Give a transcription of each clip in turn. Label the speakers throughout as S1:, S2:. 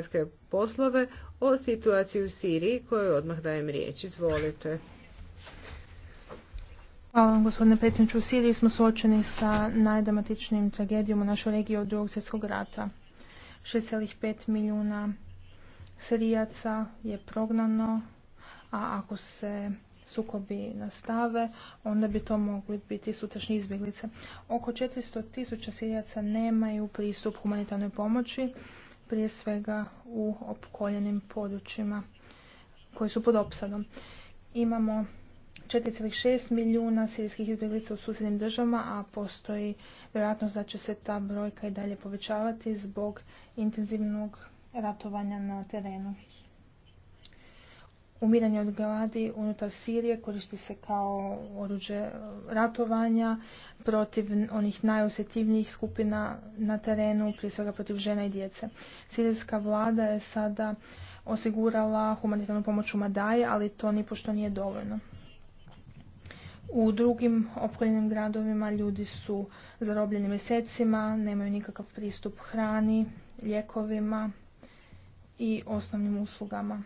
S1: vanjske poslove o situaciji u Siriji koju odmah dajem riječ. Izvolite.
S2: Hvala vam gospodine predsjedniče. U Siriji smo suočeni sa najdramatičnijim tragedijom u našoj regiji od drugog svjetskog rata. 6,5 milijuna Sirijaca je prognano, a ako se sukobi nastave, onda bi to mogli biti sutrašnje izbjeglice. Oko 400 tisuća Sirijaca nemaju pristup humanitarnoj pomoći, prije svega u opkoljenim područjima koji su pod opsadom. Imamo 4,6 milijuna sirijskih izbjeglica u susjednim državama, a postoji vjerojatnost da će se ta brojka i dalje povećavati zbog intenzivnog ratovanja na terenu umiranje od gladi unutar Sirije koristi se kao oruđe ratovanja protiv onih najosjetivnijih skupina na terenu, prije svega protiv žena i djece. Sirijska vlada je sada osigurala humanitarnu pomoć u Madaje, ali to nipošto nije dovoljno. U drugim opkoljenim gradovima ljudi su zarobljeni mjesecima, nemaju nikakav pristup hrani, ljekovima i osnovnim uslugama.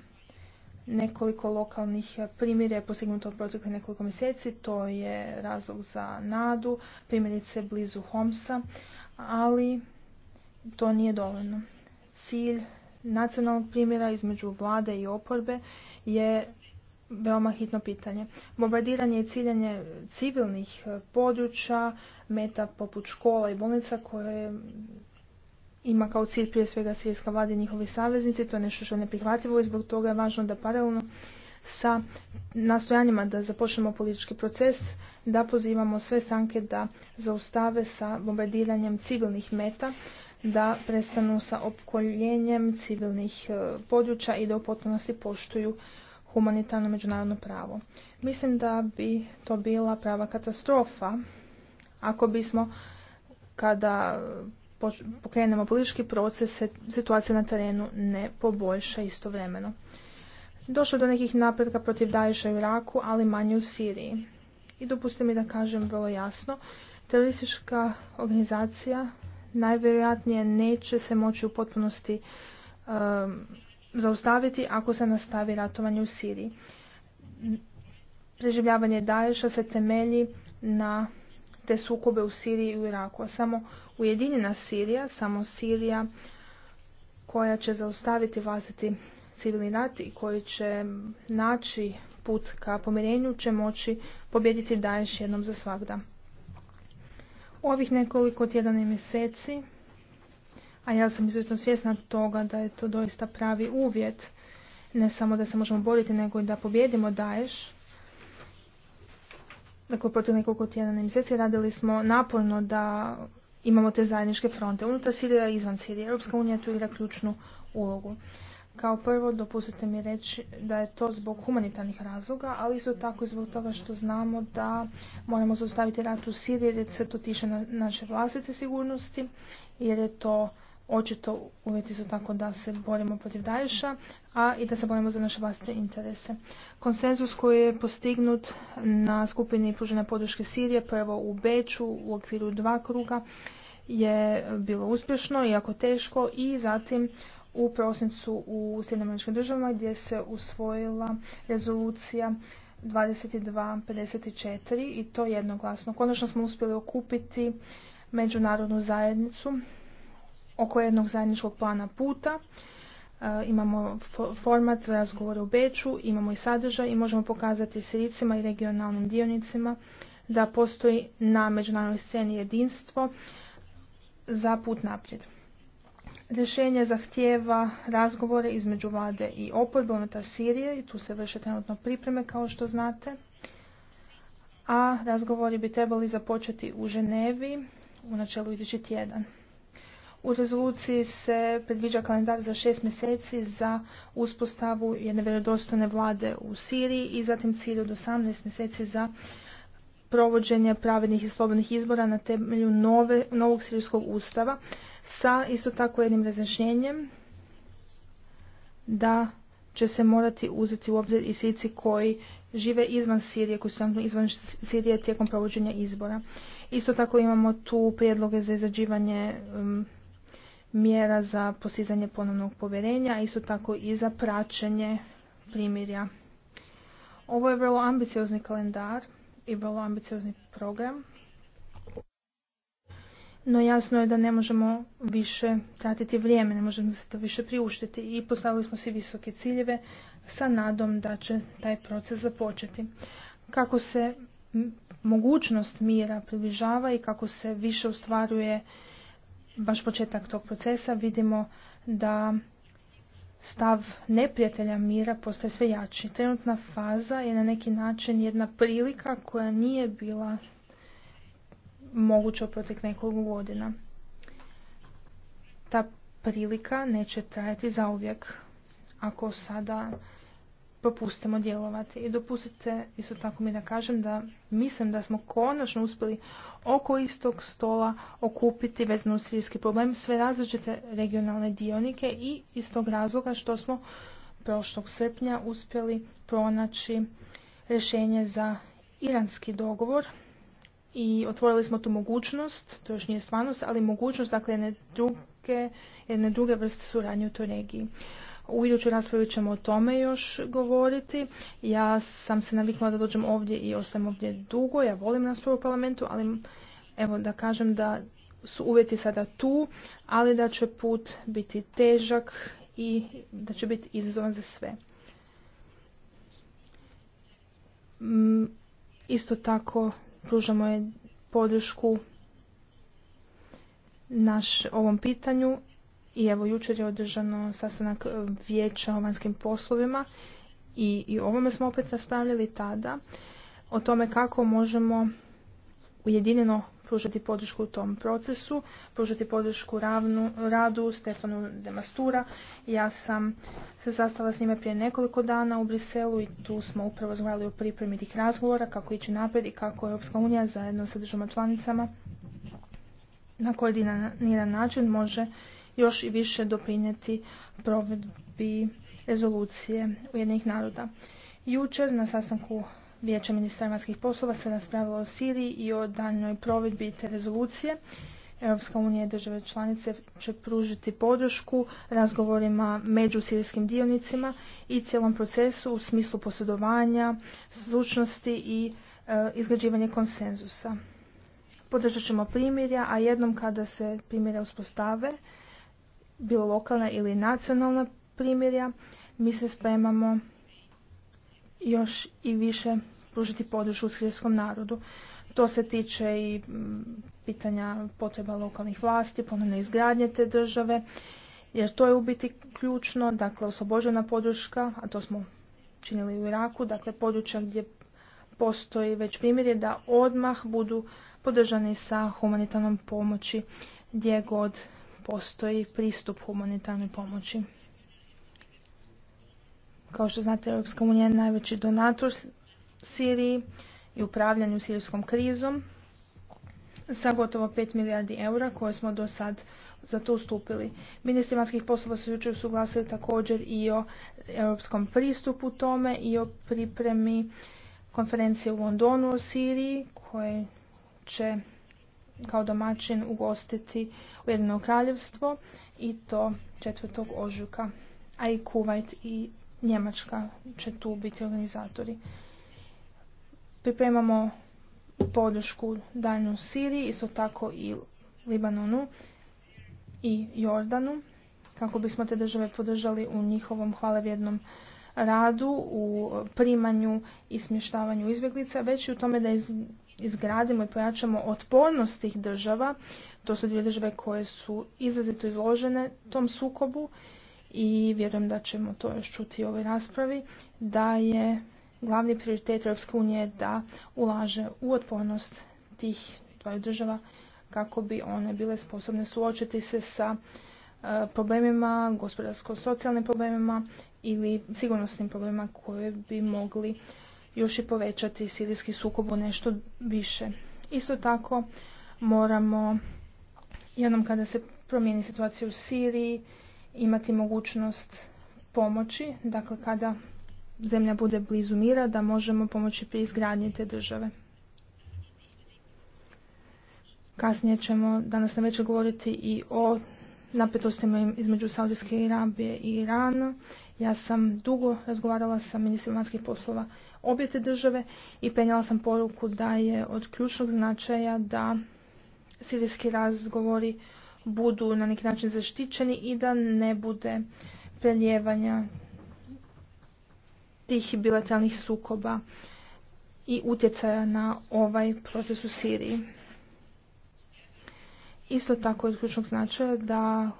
S2: Nekoliko lokalnih primjera je postignuto od proteklih nekoliko mjeseci, to je razlog za nadu, primjerice blizu Homsa, ali to nije dovoljno. Cilj nacionalnog primjera između vlade i oporbe je veoma hitno pitanje. Bombardiranje i ciljanje civilnih područja, meta poput škola i bolnica koje ima kao cilj prije svega svjetska vlada i njihovi saveznici. To je nešto što je neprihvatljivo i zbog toga je važno da paralelno sa nastojanjima da započnemo politički proces, da pozivamo sve stranke da zaustave sa bombardiranjem civilnih meta, da prestanu sa opkoljenjem civilnih e, područja i da u potpunosti poštuju humanitarno međunarodno pravo. Mislim da bi to bila prava katastrofa ako bismo kada pokrenemo politički proces, situacija na terenu ne poboljša istovremeno. Došlo do nekih napretka protiv Daješa u Iraku, ali manje u Siriji. I dopustite mi da kažem vrlo jasno, teroristička organizacija najvjerojatnije neće se moći u potpunosti um, zaustaviti ako se nastavi ratovanje u Siriji. Preživljavanje Daješa se temelji na te sukobe u Siriji i u Iraku. A samo ujedinjena Sirija, samo Sirija koja će zaustaviti vlastiti civilni rat i koji će naći put ka pomirenju će moći pobjediti Daješ jednom za svakda. U ovih nekoliko tjedana i mjeseci, a ja sam izuzetno svjesna toga da je to doista pravi uvjet, ne samo da se možemo boriti, nego i da pobjedimo Daješ, Dakle, protiv nekoliko tjedana mjeseci radili smo naporno da imamo te zajedničke fronte. Unutar Sirija i izvan Sirije. Europska unija tu igra ključnu ulogu. Kao prvo, dopustite mi reći da je to zbog humanitarnih razloga, ali isto tako i zbog toga što znamo da moramo zaustaviti rat u Siriji jer se to tiše na naše vlastite sigurnosti, jer je to Očito uvjeti su tako da se borimo protiv Daješa, a i da se borimo za naše vlastite interese. Konsenzus koji je postignut na skupini pružene podrške Sirije, prvo pa u Beču u okviru dva kruga, je bilo uspješno, iako teško, i zatim u prosincu u američkim državama gdje se usvojila rezolucija 22.54 i to jednoglasno. Konačno smo uspjeli okupiti međunarodnu zajednicu oko jednog zajedničkog plana puta. E, imamo format za razgovore u Beču, imamo i sadržaj i možemo pokazati siricima i regionalnim dionicima da postoji na međunarodnoj sceni jedinstvo za put naprijed. Rješenje zahtjeva razgovore između vlade i oporbe unutar Sirije i tu se vrše trenutno pripreme kao što znate. A razgovori bi trebali započeti u Ženevi u načelu idući tjedan. U rezoluciji se predviđa kalendar za šest mjeseci za uspostavu jedne vjerodostojne vlade u Siriji i zatim cilj od 18 mjeseci za provođenje pravednih i slobodnih izbora na temelju nove, novog sirijskog ustava sa isto tako jednim razjašnjenjem da će se morati uzeti u obzir i sici koji žive izvan Sirije, koji izvan Sirije tijekom provođenja izbora. Isto tako imamo tu prijedloge za izrađivanje um, mjera za postizanje ponovnog povjerenja, a isto tako i za praćenje primirja. Ovo je vrlo ambiciozni kalendar i vrlo ambiciozni program. No jasno je da ne možemo više tratiti vrijeme, ne možemo se to više priuštiti i postavili smo si visoke ciljeve sa nadom da će taj proces započeti. Kako se mogućnost mira približava i kako se više ostvaruje baš početak tog procesa vidimo da stav neprijatelja mira postaje sve jači. Trenutna faza je na neki način jedna prilika koja nije bila moguća u protek nekoliko godina. Ta prilika neće trajati zauvijek. Ako sada propustimo pa djelovati. I dopustite isto tako mi da kažem da mislim da smo konačno uspjeli oko istog stola okupiti vezno sirijski problem sve različite regionalne dionike i iz tog razloga što smo prošlog srpnja uspjeli pronaći rješenje za iranski dogovor i otvorili smo tu mogućnost, to još nije stvarnost, ali mogućnost dakle druge, jedne druge vrste suradnje u toj regiji. U idućoj raspravi ćemo o tome još govoriti. Ja sam se navikla da dođem ovdje i ostajem ovdje dugo. Ja volim raspravu u parlamentu, ali evo da kažem da su uvjeti sada tu, ali da će put biti težak i da će biti izazovan za sve. Mm, isto tako pružamo je podršku naš ovom pitanju i evo jučer je održano sastanak e, vijeća o vanjskim poslovima i, i ovome smo opet raspravljali tada o tome kako možemo ujedinjeno pružati podršku u tom procesu, pružati podršku ravnu, radu Stefanu Demastura. Ja sam se sastala s njime prije nekoliko dana u Briselu i tu smo upravo znali o pripremi tih razgovora, kako ići naprijed i kako Europska unija zajedno sa državama članicama na koordiniran način može još i više doprinijeti provedbi rezolucije Ujedinjenih naroda. Jučer na sastanku Vijeća ministra vanjskih poslova se raspravilo o Siriji i o daljnoj provedbi te rezolucije. Europska unija i države članice će pružiti podršku razgovorima među sirijskim dionicima i cijelom procesu u smislu posjedovanja, stručnosti i e, izgrađivanja konsenzusa. Podržat ćemo primjerja, a jednom kada se primirja uspostave, bilo lokalna ili nacionalna primjerja, mi se spremamo još i više pružiti podršku sirijskom narodu. To se tiče i pitanja potreba lokalnih vlasti, ponovne izgradnje te države, jer to je u biti ključno, dakle oslobođena podrška, a to smo činili u Iraku, dakle područja gdje postoji već primjer da odmah budu podržani sa humanitarnom pomoći gdje god postoji pristup humanitarnoj pomoći. Kao što znate, Europska unija je najveći donator Siriji i upravljanju sirijskom krizom sa gotovo 5 milijardi eura koje smo do sad za to ustupili. Ministri vanjskih poslova su jučer suglasili također i o europskom pristupu tome i o pripremi konferencije u Londonu o Siriji koje će kao domaćin ugostiti Ujedinjeno kraljevstvo i to četvrtog ožujka. A i Kuvajt i Njemačka će tu biti organizatori. Pripremamo podršku daljnju Siriji, isto tako i Libanonu i Jordanu, kako bismo te države podržali u njihovom hvalevjednom radu, u primanju i smještavanju izbjeglica, već i u tome da iz izgradimo i pojačamo otpornost tih država, to su dvije države koje su izrazito izložene tom sukobu i vjerujem da ćemo to još čuti u ovoj raspravi, da je glavni prioritet Europske unije da ulaže u otpornost tih dvaju država kako bi one bile sposobne suočiti se sa e, problemima, gospodarsko-socijalnim problemima ili sigurnosnim problemima koje bi mogli još i povećati sirijski sukob u nešto više. Isto tako moramo jednom kada se promijeni situacija u Siriji imati mogućnost pomoći, dakle kada zemlja bude blizu mira da možemo pomoći pri izgradnji te države. Kasnije ćemo danas na večer govoriti i o napetostima između Saudijske Arabije i Irana ja sam dugo razgovarala sa ministrima vanjskih poslova obje te države i penjala sam poruku da je od ključnog značaja da sirijski razgovori budu na neki način zaštićeni i da ne bude preljevanja tih bilateralnih sukoba i utjecaja na ovaj proces u Siriji. Isto tako je od ključnog značaja da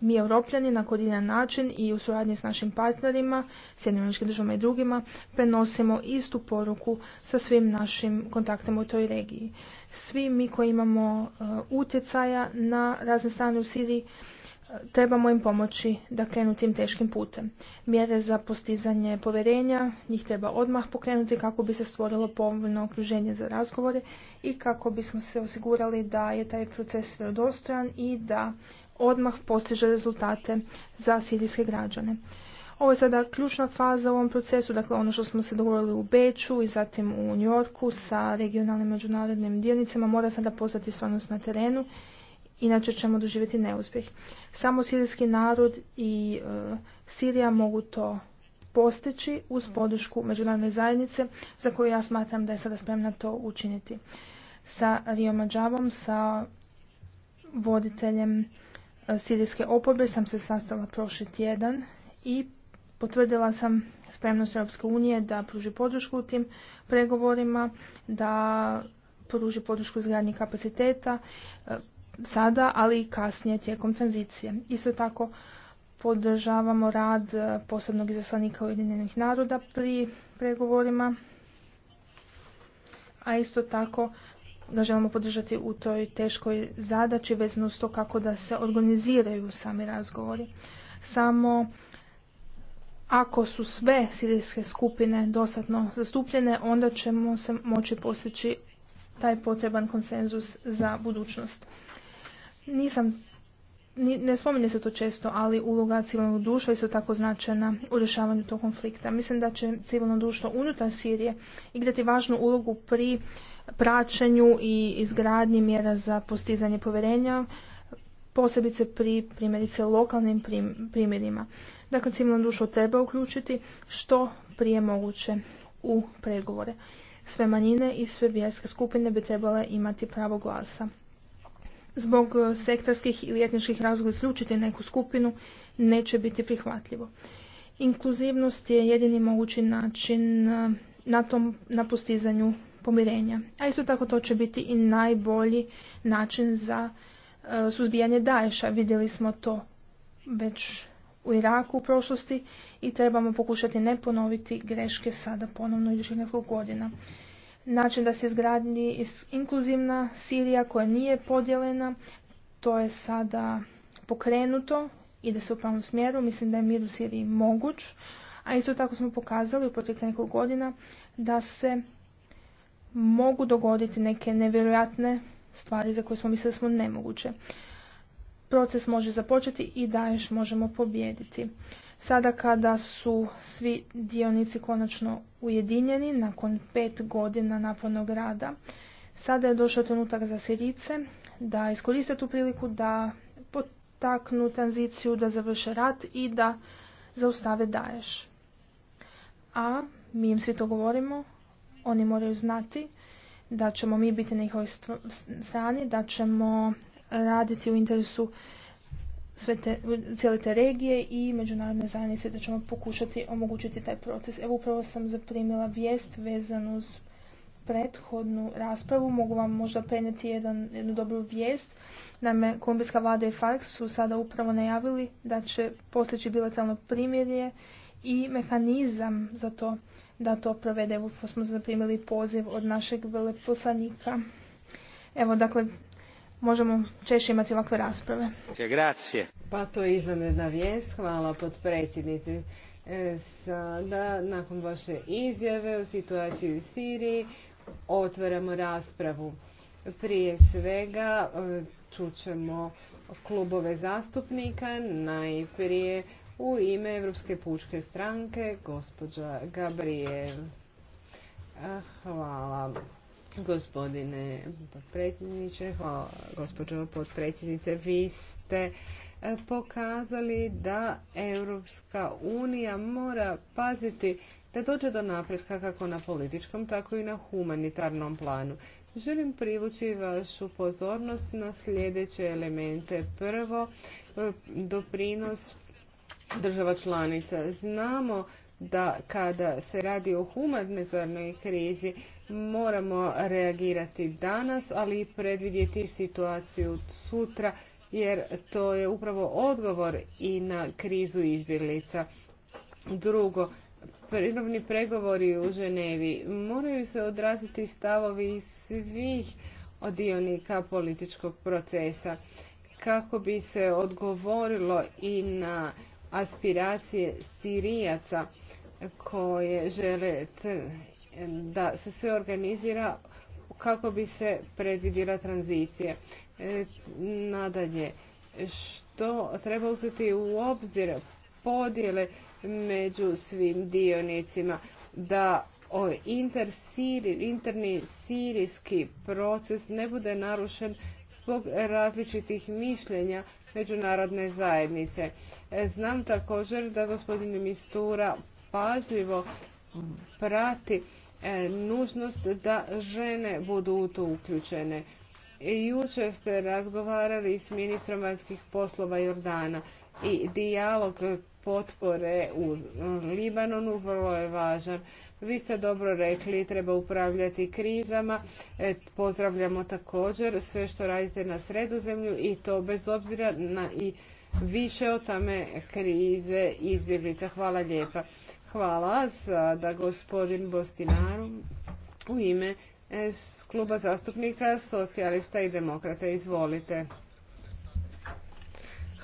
S2: mi europljani na koordiniran način i u suradnji s našim partnerima, Sjedinjeničkim državama i drugima, prenosimo istu poruku sa svim našim kontaktima u toj regiji. Svi mi koji imamo uh, utjecaja na razne strane u Siriji, uh, trebamo im pomoći da krenu tim teškim putem. Mjere za postizanje poverenja, njih treba odmah pokrenuti kako bi se stvorilo povoljno okruženje za razgovore i kako bismo se osigurali da je taj proces vjerodostojan i da odmah postiže rezultate za sirijske građane. Ovo je sada ključna faza u ovom procesu, dakle ono što smo se dogovorili u Beču i zatim u Yorku sa regionalnim međunarodnim dionicama mora sada postati stvarnost na terenu, inače ćemo doživjeti neuspjeh. Samo sirijski narod i e, Sirija mogu to postići uz podršku međunarodne zajednice za koju ja smatram da je sada spremna to učiniti. Sa Rio Mađavom, sa voditeljem sirijske oporbe sam se sastala prošli tjedan i potvrdila sam spremnost Europske unije da pruži podršku u tim pregovorima, da pruži podršku izgradnji kapaciteta e, sada, ali i kasnije tijekom tranzicije. Isto tako podržavamo rad e, posebnog izaslanika Ujedinjenih naroda pri pregovorima, a isto tako ga želimo podržati u toj teškoj zadaći vezano s to kako da se organiziraju sami razgovori. Samo ako su sve sirijske skupine dostatno zastupljene, onda ćemo se moći postići taj potreban konsenzus za budućnost. Nisam ne spominje se to često, ali uloga civilnog društva isto tako značajna u rješavanju tog konflikta. Mislim da će civilno društvo unutar Sirije igrati važnu ulogu pri praćenju i izgradnji mjera za postizanje povjerenja, posebice pri primjerice lokalnim primjerima. Dakle, civilno društvo treba uključiti što prije moguće u pregovore. Sve manjine i sve vjerske skupine bi trebale imati pravo glasa. Zbog sektorskih ili etničkih razloga isključiti neku skupinu neće biti prihvatljivo. Inkluzivnost je jedini mogući način na, tom, na postizanju pomirenja. A isto tako to će biti i najbolji način za e, suzbijanje daješa Vidjeli smo to već u Iraku u prošlosti i trebamo pokušati ne ponoviti greške sada ponovno idućih nekoliko godina. Način da se izgradi inkluzivna Sirija koja nije podijeljena, to je sada pokrenuto, ide se u pravom smjeru, mislim da je mir u Siriji moguć, a isto tako smo pokazali u proteklih nekoliko godina da se mogu dogoditi neke nevjerojatne stvari za koje smo mislili da smo nemoguće. Proces može započeti i daješ možemo pobijediti. Sada kada su svi dionici konačno ujedinjeni nakon pet godina napornog rada, sada je došao trenutak za Sirice da iskoriste tu priliku da potaknu tranziciju, da završe rat i da zaustave daješ. A mi im svi to govorimo, oni moraju znati da ćemo mi biti na njihovoj strani, da ćemo raditi u interesu sve te, cijele te regije i međunarodne zajednice da ćemo pokušati omogućiti taj proces. Evo upravo sam zaprimila vijest vezanu uz prethodnu raspravu. Mogu vam možda prenijeti jedan, jednu dobru vijest. Naime, kolumbijska vlada i FARC su sada upravo najavili da će postići bilateralno primjerje i mehanizam za to da to provede. Evo pa smo zaprimili poziv od našeg veleposlanika. Evo dakle, možemo češće imati ovakve rasprave.
S1: Grazie. Pa to je vijest. Hvala potpredsjednici. E, sada, nakon vaše izjave o situaciji u Siriji, otvaramo raspravu. Prije svega e, čućemo klubove zastupnika, najprije u ime Evropske pučke stranke, gospođa Gabriel. Hvala gospodine potpredsjedniče, hvala gospođo potpredsjednice. Vi ste e, pokazali da Europska unija mora paziti da dođe do napretka kako na političkom, tako i na humanitarnom planu. Želim privući vašu pozornost na sljedeće elemente. Prvo, e, doprinos država članica. Znamo da kada se radi o humanitarnoj krizi moramo reagirati danas, ali i predvidjeti situaciju sutra jer to je upravo odgovor i na krizu izbjeglica. Drugo, pregovori u Ženevi moraju se odraziti stavovi svih odionika političkog procesa kako bi se odgovorilo i na aspiracije Sirijaca koje žele da se sve organizira kako bi se predvidjela tranzicija. E, nadalje, što treba uzeti u obzir podjele među svim dionicima, da interni sirijski proces ne bude narušen zbog različitih mišljenja međunarodne zajednice. E, znam također da gospodin Mistura pažljivo prati e, nužnost da žene budu u to uključene. Juče ste razgovarali s ministrom vanjskih poslova Jordana i dijalog potpore u Libanonu vrlo je važan. Vi ste dobro rekli, treba upravljati krizama. E, pozdravljamo također sve što radite na sredozemlju i to bez obzira na i više od same krize izbjeglica. Hvala lijepa. Hvala da gospodin Bostinaru u ime e, kluba zastupnika socijalista i demokrata. Izvolite.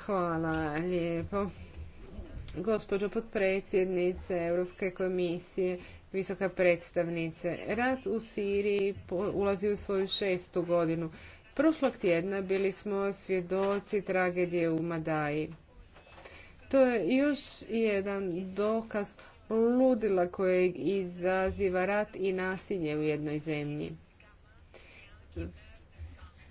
S1: Hvala lijepo. Gospođo potpredsjednice Europske komisije, visoka predstavnice. Rat u Siriji ulazi u svoju šestu godinu. Prošlog tjedna bili smo svjedoci tragedije u Madaji. To je još jedan dokaz ludila kojeg izaziva rat i nasilje u jednoj zemlji.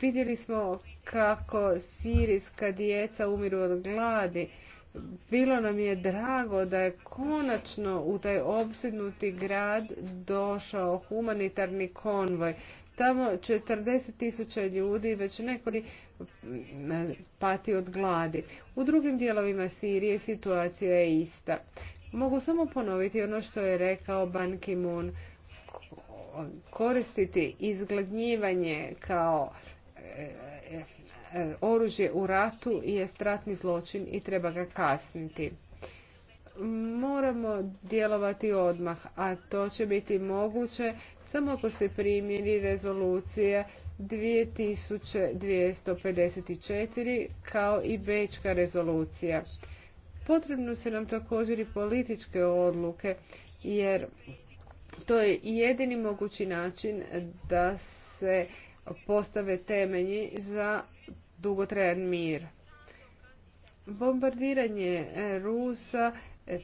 S1: Vidjeli smo kako sirijska djeca umiru od gladi, bilo nam je drago da je konačno u taj obsidnuti grad došao humanitarni konvoj. Tamo 40 tisuća ljudi već nekoli pati od gladi. U drugim dijelovima Sirije situacija je ista. Mogu samo ponoviti ono što je rekao Ban Ki-moon. Koristiti izgladnjivanje kao e, e, E, oružje u ratu je stratni zločin i treba ga kasniti. Moramo djelovati odmah, a to će biti moguće samo ako se primjeni rezolucija 2254 kao i Bečka rezolucija. Potrebno se nam također i političke odluke jer to je jedini mogući način da se postave temelji za dugotrajan mir. Bombardiranje e, Rusa e,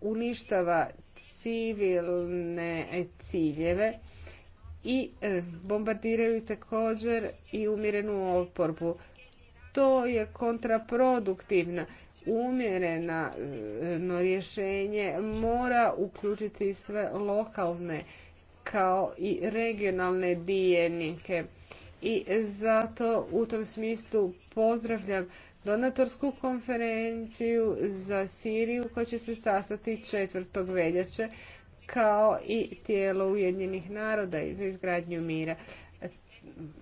S1: uništava civilne e, ciljeve i bombardiraju također i umjerenu oporbu. To je kontraproduktivno. Umjereno rješenje mora uključiti sve lokalne kao i regionalne dijenike i zato u tom smislu pozdravljam donatorsku konferenciju za Siriju koja će se sastati 4. veljače kao i tijelo Ujedinjenih naroda za izgradnju mira.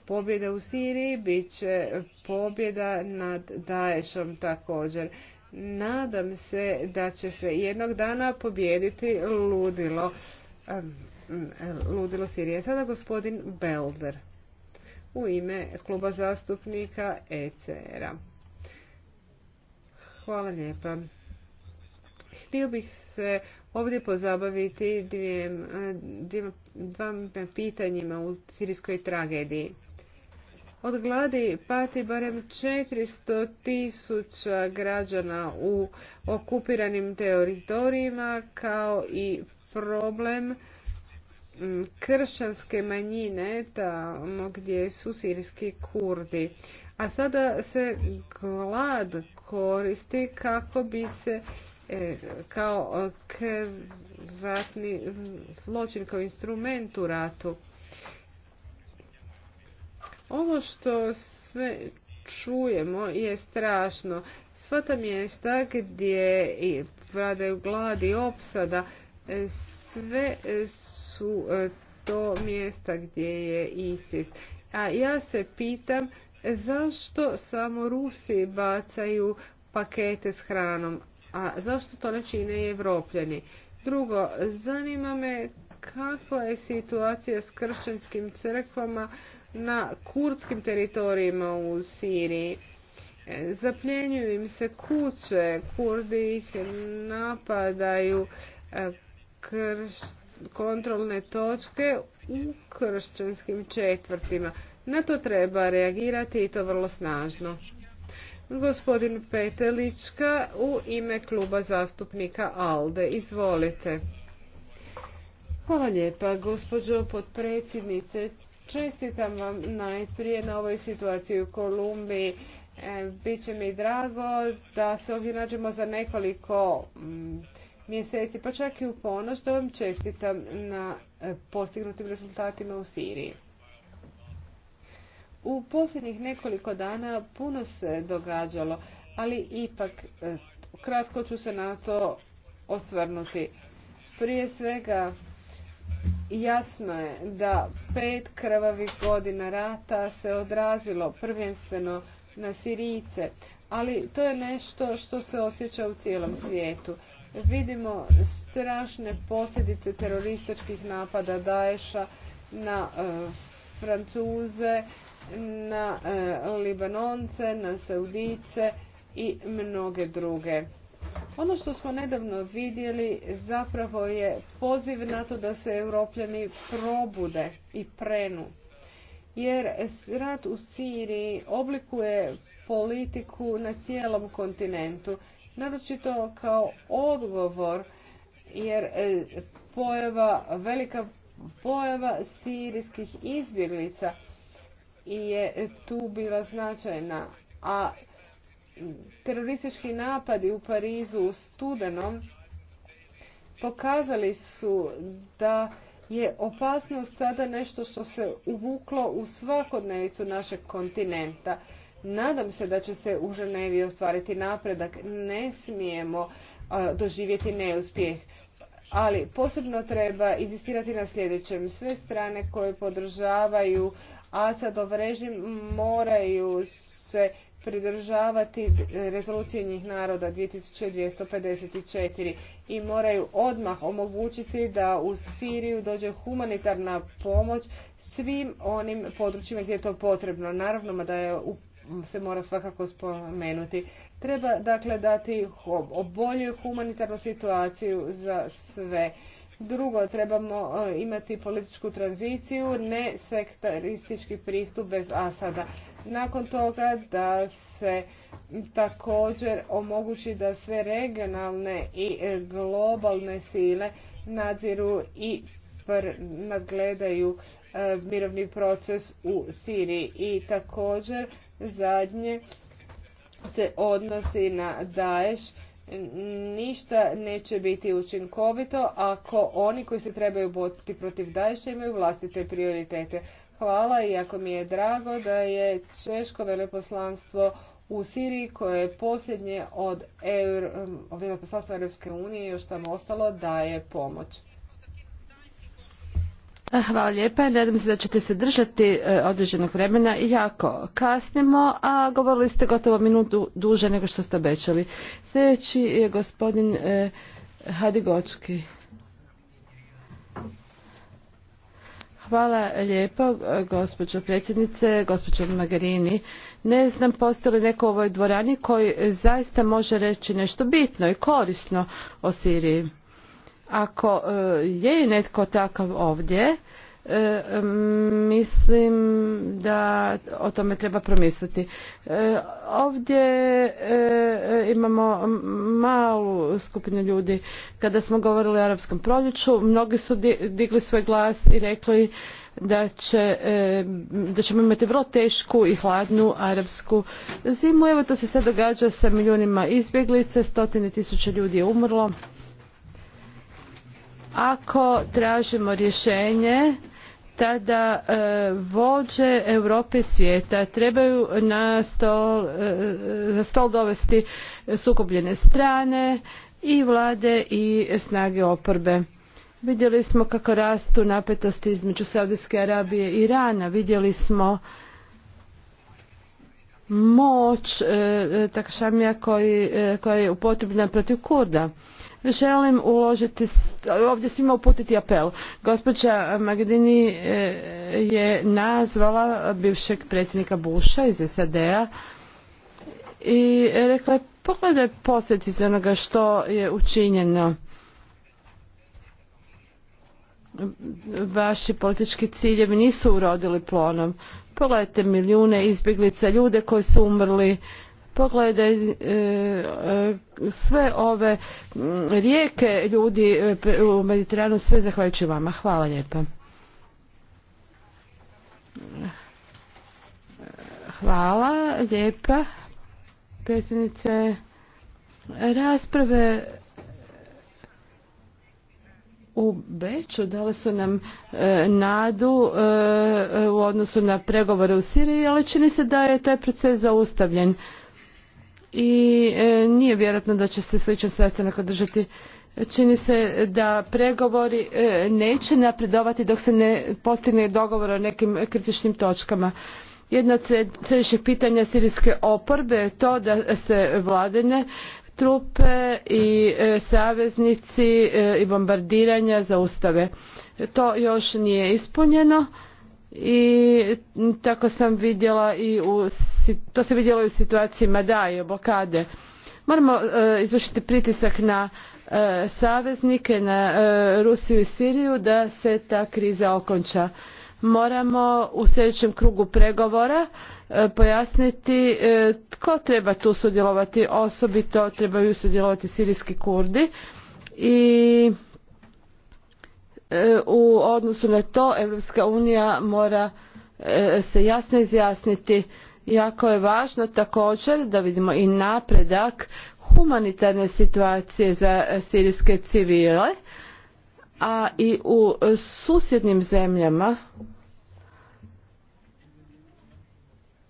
S1: Pobjeda u Siriji bit će pobjeda nad Daješom također. Nadam se da će se jednog dana pobjediti ludilo, ludilo Sirije. Sada gospodin Belder u ime kluba zastupnika ECR-a. Hvala lijepa. Htio bih se ovdje pozabaviti dvama pitanjima u sirijskoj tragediji. Od gladi pati barem 400 tisuća građana u okupiranim teritorijima kao i problem Mm, kršćanske manjine tamo gdje su sirijski kurdi. A sada se glad koristi kako bi se e, kao e, ratni zločin, kao instrument u ratu. Ovo što sve čujemo je strašno. Sva ta mjesta gdje vladaju glad i opsada, e, sve su e, to mjesta gdje je ISIS. A ja se pitam zašto samo Rusi bacaju pakete s hranom, a zašto to ne čine i Evropljani? Drugo, zanima me kakva je situacija s kršćanskim crkvama na kurdskim teritorijima u Siriji. E, zapljenjuju im se kuće, kurdi ih napadaju, e, krš? kontrolne točke u kršćanskim četvrtima. Na to treba reagirati i to vrlo snažno. Gospodin Petelička u ime kluba zastupnika ALDE. Izvolite. Hvala lijepa, gospođo potpredsjednice. Čestitam vam najprije na ovoj situaciji u Kolumbiji. E, Biće mi drago da se ovdje nađemo za nekoliko mjeseci, pa čak i u ponoć da vam čestitam na e, postignutim rezultatima u Siriji. U posljednjih nekoliko dana puno se događalo, ali ipak e, kratko ću se na to osvrnuti. Prije svega jasno je da pet krvavih godina rata se odrazilo prvenstveno na Sirijice, ali to je nešto što se osjeća u cijelom svijetu. Vidimo strašne posljedice terorističkih napada Daesha na e, Francuze, na e, Libanonce, na Saudice i mnoge druge. Ono što smo nedavno vidjeli zapravo je poziv na to da se europljani probude i prenu. Jer rat u Siriji oblikuje politiku na cijelom kontinentu, naročito kao odgovor jer e, pojava, velika pojava sirijskih izbjeglica je tu bila značajna, a teroristički napadi u Parizu u studenom pokazali su da je opasnost sada nešto što se uvuklo u svakodnevicu našeg kontinenta Nadam se da će se u Ženevi ostvariti napredak. Ne smijemo doživjeti neuspjeh. Ali posebno treba inzistirati na sljedećem. Sve strane koje podržavaju Asadov režim moraju se pridržavati rezolucije njih naroda 2254 i moraju odmah omogućiti da u Siriju dođe humanitarna pomoć svim onim područjima gdje je to potrebno. Naravno da je u se mora svakako spomenuti. Treba dakle dati bolju humanitarnu situaciju za sve. Drugo, trebamo e, imati političku tranziciju, ne sektaristički pristup bez Asada. Nakon toga da se također omogući da sve regionalne i e, globalne sile nadziru i nadgledaju e, mirovni proces u Siriji i također zadnje se odnosi na daješ Ništa neće biti učinkovito ako oni koji se trebaju boriti protiv Daješa imaju vlastite prioritete. Hvala i jako mi je drago da je Češko veleposlanstvo u Siriji koje je posljednje od veleposlanstva Europske unije još tamo ostalo daje pomoć.
S3: Eh, hvala lijepa. Nadam se da ćete se držati eh, određenog vremena. Jako kasnimo, a govorili ste gotovo minutu duže nego što ste obećali. Sljedeći je gospodin eh, Hadigočki. Hvala lijepo, gospođo predsjednice, gospođo Magarini. Ne znam postoji li neko u ovoj dvorani koji zaista može reći nešto bitno i korisno o Siriji ako e, je netko takav ovdje, e, mislim da o tome treba promisliti. E, ovdje imamo malu skupinu ljudi. Kada smo govorili o arapskom proljeću, mnogi su digli svoj glas i rekli da, će, da ćemo imati vrlo tešku i hladnu arapsku zimu. Evo to se sad događa sa milijunima izbjeglice, stotine tisuća ljudi je umrlo. Ako tražimo rješenje, tada e, vođe Europe i svijeta trebaju na stol, e, stol dovesti sukobljene strane i vlade i snage oporbe. Vidjeli smo kako rastu napetosti između Saudijske Arabije i Irana. Vidjeli smo moć e, takšamija koja je upotrebna protiv Kurda želim uložiti, ovdje svima uputiti apel. Gospođa Magdini e, je nazvala bivšeg predsjednika Busha iz SAD-a i rekla je pogledaj posljedice onoga što je učinjeno vaši politički ciljevi nisu urodili plonom. Pogledajte milijune izbjeglica, ljude koji su umrli, pogledaj e, e, sve ove rijeke ljudi e, u Mediteranu, sve zahvaljujući vama. Hvala lijepa. Hvala lijepa predsjednice rasprave u Beču dale su nam nadu u odnosu na pregovore u Siriji, ali čini se da je taj proces zaustavljen i e, nije vjerojatno da će se sličan sastanak održati čini se da pregovori e, neće napredovati dok se ne postigne dogovor o nekim kritičnim točkama. jedno od središnjih pitanja sirijske oporbe je to da se vladine trupe i e, saveznici i bombardiranja zaustave. to još nije ispunjeno i tako sam vidjela i u, to se vidjelo i u situaciji Madaje, blokade. Moramo e, izvršiti pritisak na e, saveznike, na e, Rusiju i Siriju da se ta kriza okonča. Moramo u sljedećem krugu pregovora pojasniti tko treba tu sudjelovati, osobito trebaju sudjelovati sirijski kurdi i E, u odnosu na to Europska unija mora e, se jasno izjasniti jako je važno također da vidimo i napredak humanitarne situacije za sirijske civile a i u susjednim zemljama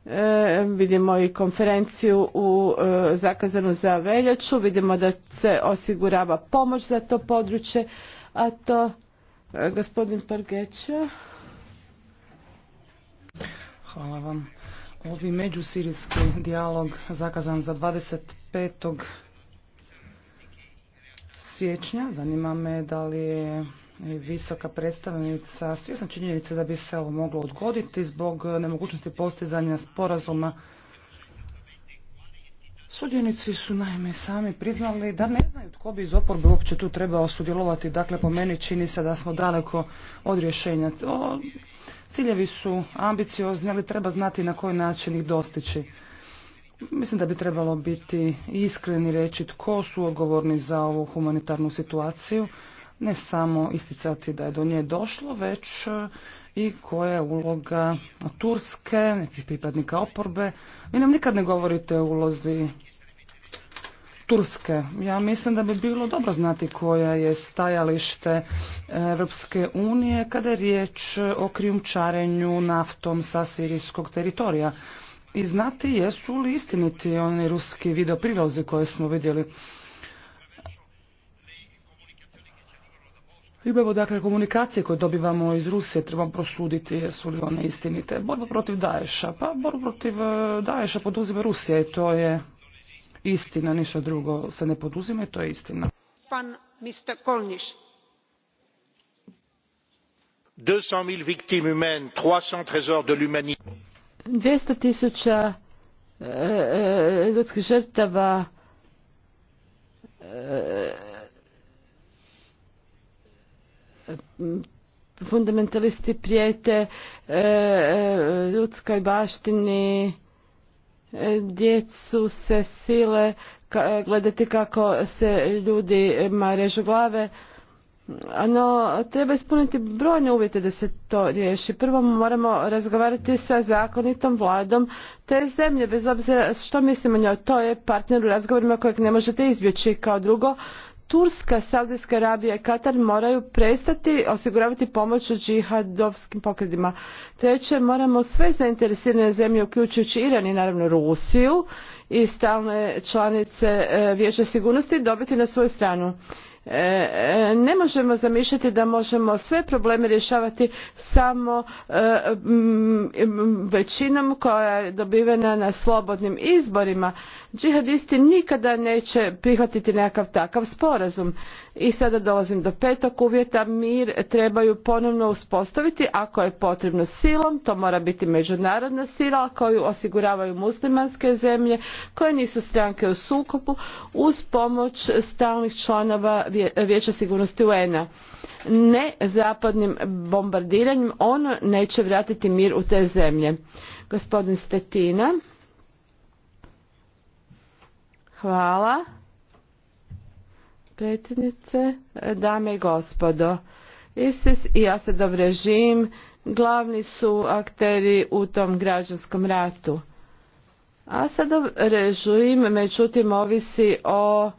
S3: e, vidimo i konferenciju u zakazanu za veljaču vidimo da se osigurava pomoć za to područje a to E, gospodin Pargeća.
S4: Hvala vam. Ovi međusirijski dijalog zakazan za 25. siječnja. Zanima me da li je visoka predstavnica svjesna činjenica da bi se ovo moglo odgoditi zbog nemogućnosti postizanja sporazuma Sudjenici su naime sami priznali da ne znaju tko bi iz oporbe uopće tu trebao sudjelovati. Dakle, po meni čini se da smo daleko od rješenja. ciljevi su ambiciozni, ali treba znati na koji način ih dostići. Mislim da bi trebalo biti iskreni reći tko su odgovorni za ovu humanitarnu situaciju, ne samo isticati da je do nje došlo, već i koja je uloga Turske, nekih pripadnika oporbe. Vi nam nikad ne govorite o ulozi Turske. Ja mislim da bi bilo dobro znati koja je stajalište Europske unije kada je riječ o krijumčarenju naftom sa sirijskog teritorija i znati jesu li istiniti oni ruski videoprilozi koje smo vidjeli. Ljubavo, dakle komunikacije koje dobivamo iz Rusije, trebamo prosuditi jesu li one istinite. Borba protiv Daješa, pa borba protiv e, Daješa poduzima Rusija i to je istina, ništa drugo se ne poduzima i to je istina.
S1: Pan Mr. Kolniš.
S4: 200.000
S5: victimes humaines, 300 trésors de l'humanité.
S3: 200.000 e, e, e, ljudskih žrtava
S5: e,
S3: fundamentalisti prijete e, e, ljudskoj baštini e, djecu se sile gledati kako se ljudi režu glave no treba ispuniti brojne uvjete da se to riješi prvo moramo razgovarati sa zakonitom vladom te zemlje bez obzira što mislimo o njoj to je partner u razgovorima kojeg ne možete izbjeći kao drugo Turska, Saudijska Arabija i Katar moraju prestati osiguravati pomoć džihadovskim pokredima. Treće, moramo sve zainteresirane zemlje, uključujući Iran i naravno Rusiju i stalne članice e, Vijeća sigurnosti, dobiti na svoju stranu. E, e, ne možemo zamišljati da možemo sve probleme rješavati samo većinom koja je dobivena na slobodnim izborima. Džihadisti nikada neće prihvatiti nekakav takav sporazum. I sada dolazim do petog uvjeta. Mir trebaju ponovno uspostaviti ako je potrebno silom. To mora biti međunarodna sila koju osiguravaju muslimanske zemlje koje nisu stranke u sukobu uz pomoć stalnih članova Vijeća sigurnosti UN-a. Ne zapadnim bombardiranjem ono neće vratiti mir u te zemlje. Gospodin Stetina. Hvala. Predsjednice, dame i gospodo. ISIS i Asadov režim glavni su akteri u tom građanskom ratu. Asadov režim međutim ovisi o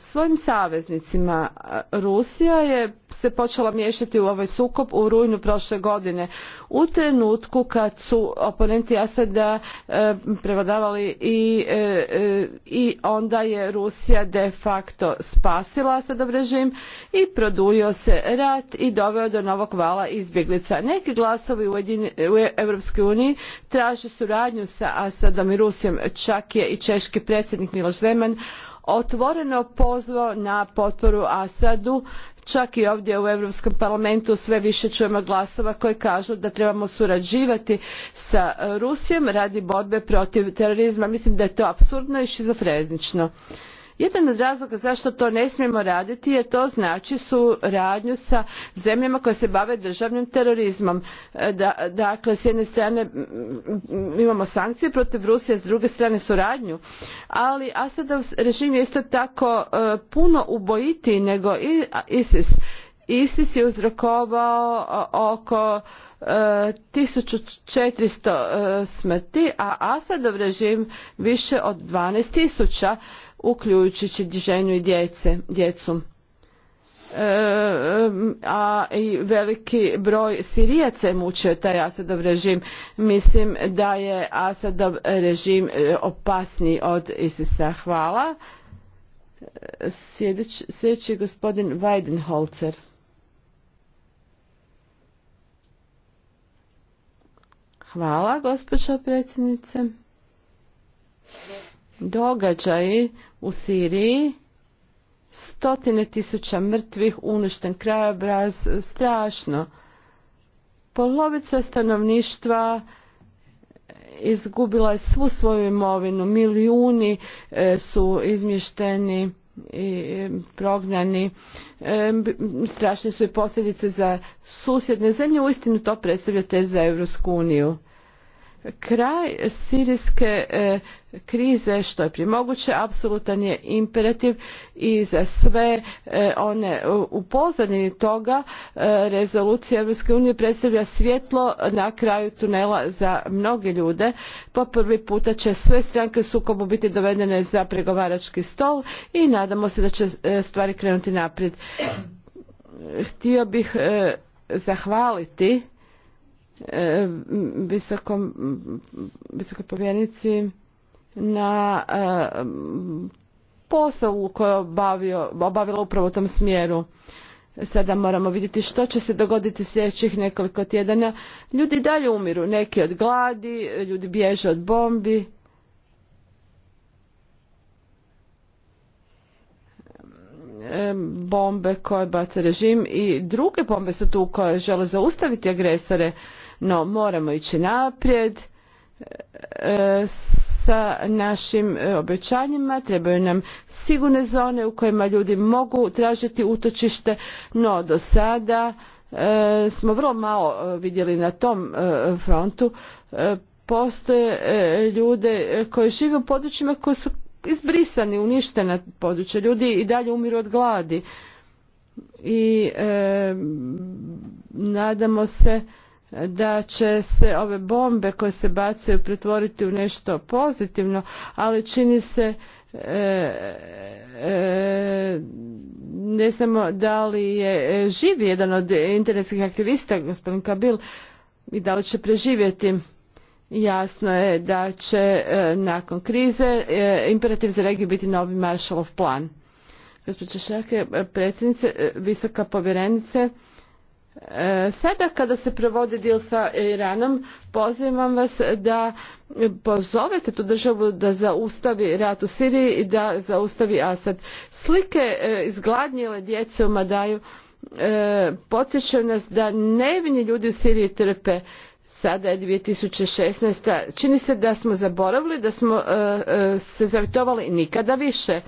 S3: svojim saveznicima. Rusija je se počela miješati u ovaj sukob u rujnu prošle godine u trenutku kad su oponenti Asada e, prevodavali i, e, e, i onda je Rusija de facto spasila Asadov režim i produjio se rat i doveo do novog vala izbjeglica. Neki glasovi u, u uniji traže suradnju sa Asadom i Rusijom. Čak je i češki predsjednik Miloš Zeman otvoreno pozvao na potporu Asadu čak i ovdje u europskom parlamentu sve više čujemo glasova koji kažu da trebamo surađivati sa rusijom radi borbe protiv terorizma mislim da je to apsurdno i šizofrenično. Jedan od razloga zašto to ne smijemo raditi je to znači suradnju sa zemljama koje se bave državnim terorizmom. E, dakle, s jedne strane imamo sankcije protiv Rusije, s druge strane suradnju, ali Asadov režim je isto tako e, puno ubojitiji nego ISIS. ISIS je uzrokovao oko 1400 e, smrti, a Asadov režim više od 12.000 uključujući ženu i djece, djecu. E, a i veliki broj Sirijaca je mučio taj Asadov režim. Mislim da je Asadov režim e, opasniji od Isisa. Hvala. Sljedeći, gospodin Weidenholzer. Hvala, gospođo predsjednice događaji u Siriji stotine tisuća mrtvih, uništen krajobraz, strašno. Polovica stanovništva izgubila je svu svoju imovinu, milijuni e, su izmješteni i prognani. E, strašne su i posljedice za susjedne zemlje. Uistinu to predstavlja za Europsku uniju kraj sirijske e, krize što je primoguće, apsolutan je imperativ i za sve e, one u pozadini toga e, rezolucija europske unije predstavlja svjetlo na kraju tunela za mnoge ljude po prvi puta će sve stranke sukobu biti dovedene za pregovarački stol i nadamo se da će stvari krenuti naprijed htio bih zahvaliti E, visokom, visokoj povjerenici na e, posao koji je obavila upravo u tom smjeru. Sada moramo vidjeti što će se dogoditi sljedećih nekoliko tjedana. Ljudi dalje umiru, neki od gladi, ljudi bježe od bombi. E, bombe koje baca režim i druge bombe su tu koje žele zaustaviti agresore no, moramo ići naprijed e, sa našim e, obećanjima, trebaju nam sigurne zone u kojima ljudi mogu tražiti utočište, no do sada e, smo vrlo malo vidjeli na tom frontu postoje ljude koji žive u područjima koji su izbrisani uništena područja ljudi i dalje umiru od gladi i nadamo se da će se ove bombe koje se bacaju pretvoriti u nešto pozitivno, ali čini se e, e, ne znamo da li je e, živi jedan od internetskih aktivista gospodin Kabil i da li će preživjeti jasno je da će nakon krize imperativ za regiju biti novi Marshallov plan Gospodin Šake predsjednice visoka povjerenice E, sada kada se provodi dil sa Iranom, pozivam vas da pozovete tu državu da zaustavi rat u Siriji i da zaustavi Asad. Slike e, izgladnjele djece u Madaju e, podsjećaju nas da nevini ljudi u Siriji trpe. Sada je 2016. Čini se da smo zaboravili, da smo se zavjetovali nikada više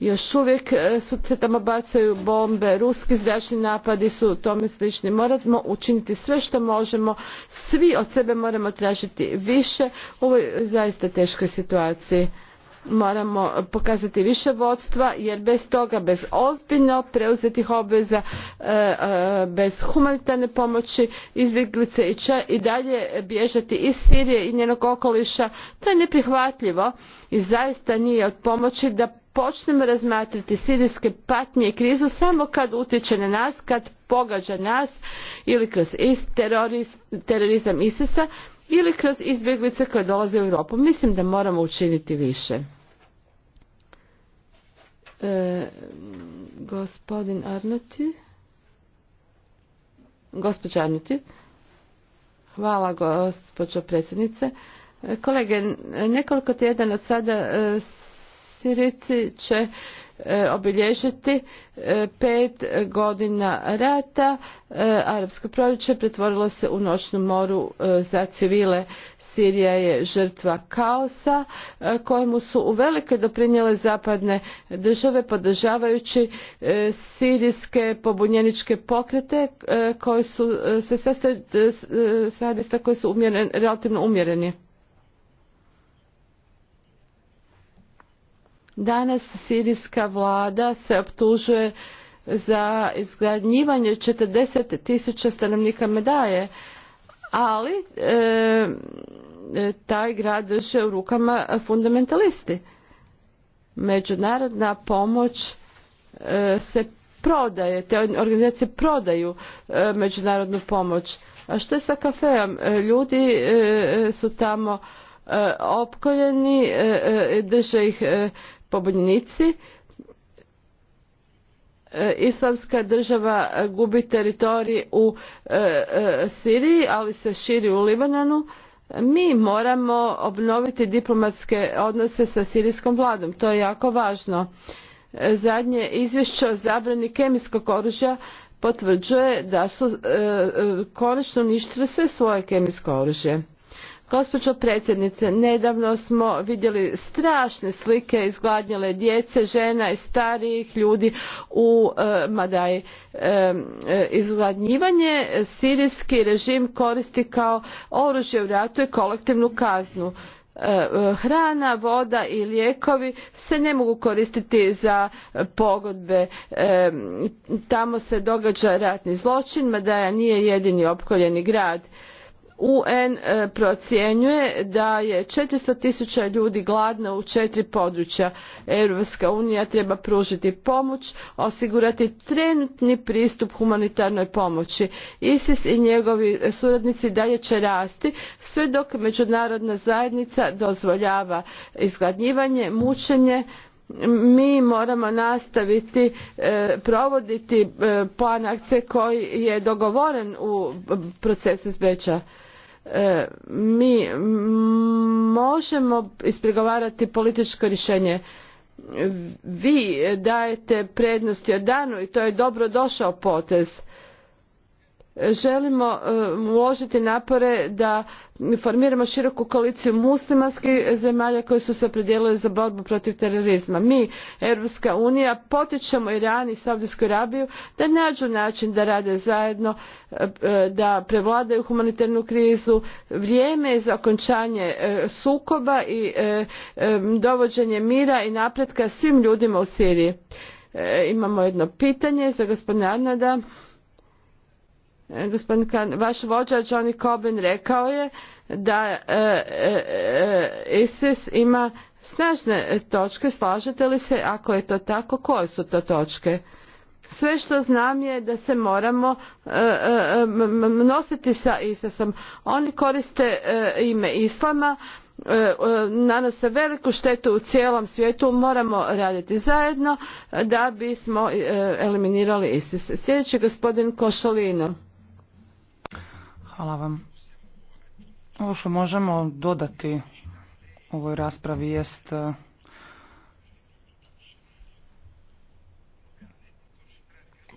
S3: još uvijek se tamo bacaju bombe ruski zračni napadi su tome slični moramo učiniti sve što možemo svi od sebe moramo tražiti više u ovoj zaista teškoj situaciji moramo pokazati više vodstva jer bez toga bez ozbiljno preuzetih obveza e, e, bez humanitarne pomoći izbjeglice će i dalje bježati iz sirije i njenog okoliša to je neprihvatljivo i zaista nije od pomoći da počnemo razmatrati sirijske patnje i krizu samo kad utječe na nas kad pogađa nas ili kroz terorizam isis a ili kroz izbjeglice koje dolaze u europu mislim da moramo učiniti više e, gospodin arnuti gospođa arnuti hvala gospođo predsjednice e, kolege nekoliko tjedana od sada e, Sirici će e, obilježiti e, pet godina rata. E, Arabsko proljeće pretvorilo se u noćnu moru za civile. Sirija je žrtva kaosa kojemu su velike doprinjele zapadne države podržavajući sirijske pobunjeničke pokrete koji su se sastavljaju sadista koji su relativno umjereni. Danas sirijska vlada se optužuje za izgradnjivanje 40 tisuća stanovnika Medaje, ali e, e, taj grad drže u rukama fundamentalisti. Međunarodna pomoć e, se prodaje, te organizacije prodaju međunarodnu pomoć. A što je sa kafeom? Ljudi su tamo opkoljeni, drže ih pobunjenici e, islamska država e, gubi teritorij u e, Siriji, ali se širi u Libanonu. Mi moramo obnoviti diplomatske odnose sa sirijskom vladom. To je jako važno. Zadnje izvješće o zabrani kemijskog oružja potvrđuje da su konačno uništili sve svoje kemijsko oružje. Gospođo predsjednice, nedavno smo vidjeli strašne slike izgladnjele djece, žena i starijih ljudi u e, Madaji. E, e, izgladnjivanje sirijski režim koristi kao oružje u ratu i kolektivnu kaznu hrana, voda i lijekovi se ne mogu koristiti za pogodbe. Tamo se događa ratni zločin, Madaja nije jedini opkoljeni grad. UN e, procjenjuje da je četiristo tisuća ljudi gladno u četiri područja. Europska unija treba pružiti pomoć, osigurati trenutni pristup humanitarnoj pomoći. ISIS i njegovi suradnici dalje će rasti sve dok međunarodna zajednica dozvoljava izgladnjivanje, mučenje, mi moramo nastaviti e, provoditi e, plan akcije koji je dogovoren u procesu iz E, mi možemo ispregovarati političko rješenje vi dajete prednost Jordanu i to je dobro došao potez želimo e, uložiti napore da formiramo široku koaliciju muslimanskih zemalja koje su se opredijelile za borbu protiv terorizma. Mi, Europska unija, potičemo Iran i Saudijsku Arabiju da nađu način da rade zajedno, e, e, da prevladaju humanitarnu krizu. Vrijeme je za okončanje sukoba i dovođenje mira i napretka svim ljudima u Siriji. Imamo jedno pitanje za gospodina Arnada. E, gospodin vaš vođa Johnny Coben rekao je da e, e, ISIS ima snažne točke, slažete li se ako je to tako, koje su to točke? Sve što znam je da se moramo nositi sa ISISom. Oni koriste ime Islama, nanose veliku štetu u cijelom svijetu moramo raditi zajedno da bismo eliminirali isis. sljedeći gospodin košolino
S4: Hvala vam. Ovo što možemo dodati u ovoj raspravi jest e,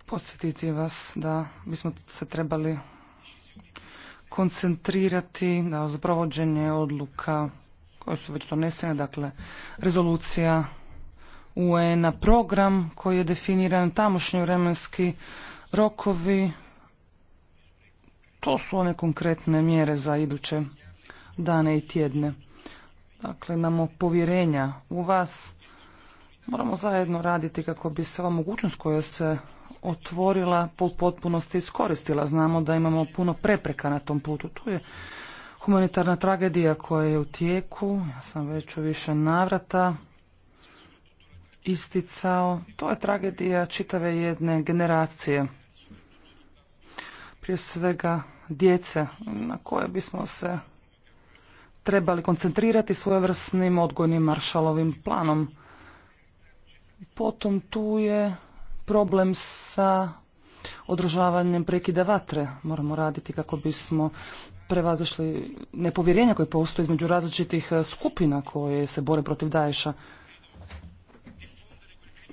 S4: podsjetiti vas da bismo se trebali koncentrirati na provođenje odluka koje su već donesene, dakle rezolucija UN-a, program koji je definiran, tamošnji vremenski rokovi, to su one konkretne mjere za iduće dane i tjedne. Dakle, imamo povjerenja u vas. Moramo zajedno raditi kako bi se ova mogućnost koja se otvorila po potpunosti iskoristila. Znamo da imamo puno prepreka na tom putu. Tu je humanitarna tragedija koja je u tijeku. Ja sam već u više navrata isticao. To je tragedija čitave jedne generacije. Prije svega djece na koje bismo se trebali koncentrirati svojevrsnim odgojnim maršalovim planom. Potom tu je problem sa održavanjem prekida vatre. Moramo raditi kako bismo prevazašli nepovjerenja koje postoje između različitih e, skupina koje se bore protiv daješa.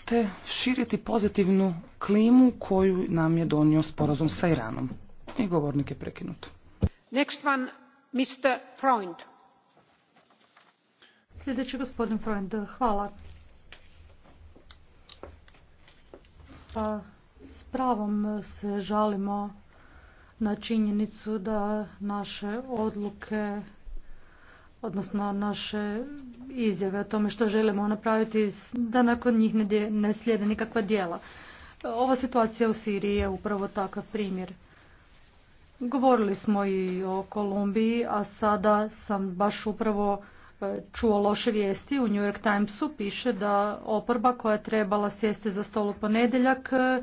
S4: Te širiti pozitivnu klimu koju nam je donio sporazum sa Iranom i govornik je prekinut.
S6: gospodin hvala. Pa, s pravom se žalimo na činjenicu da naše odluke, odnosno naše izjave o tome što želimo napraviti, da nakon njih ne, ne slijede nikakva djela. Ova situacija u Siriji je upravo takav primjer. Govorili smo i o Kolumbiji, a sada sam baš upravo e, čuo loše vijesti. U New York Timesu piše da oporba koja je trebala sjesti za stolu u ponedjeljak e,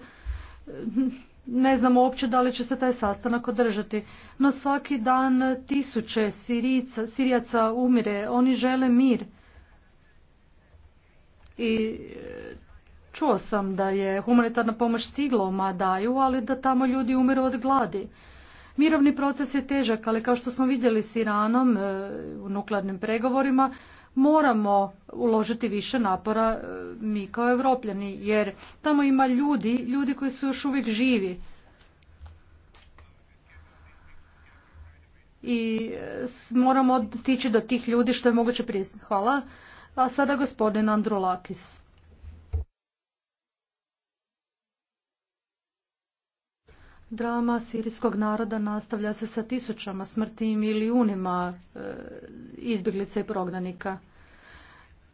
S6: ne znam uopće da li će se taj sastanak održati. No svaki dan tisuće Sirica, Sirijaca umire, oni žele mir. I e, čuo sam da je humanitarna pomoć stigla u Madaju, ali da tamo ljudi umiru od gladi. Mirovni proces je težak, ali kao što smo vidjeli s Iranom e, u nuklearnim pregovorima, moramo uložiti više napora e, mi kao evropljani, jer tamo ima ljudi, ljudi koji su još uvijek živi. I e, moramo stići do tih ljudi što je moguće prije. Hvala. A sada gospodin Androlakis. Drama sirijskog naroda nastavlja se sa tisućama smrti i milijunima e, izbjeglica i prognanika.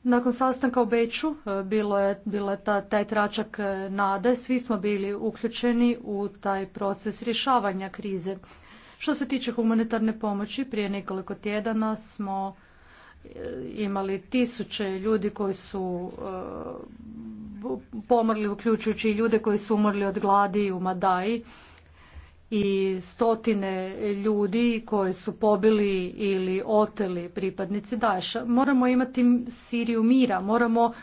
S6: Nakon sastanka u Beću e, bilo je, bilo ta, taj tračak e, nade, svi smo bili uključeni u taj proces rješavanja krize. Što se tiče humanitarne pomoći, prije nekoliko tjedana smo imali tisuće ljudi koji su pomrli, uključujući i ljude koji su umrli od gladi u Madaji i stotine ljudi koji su pobili ili oteli pripadnici Daša. Moramo imati Siriju mira, moramo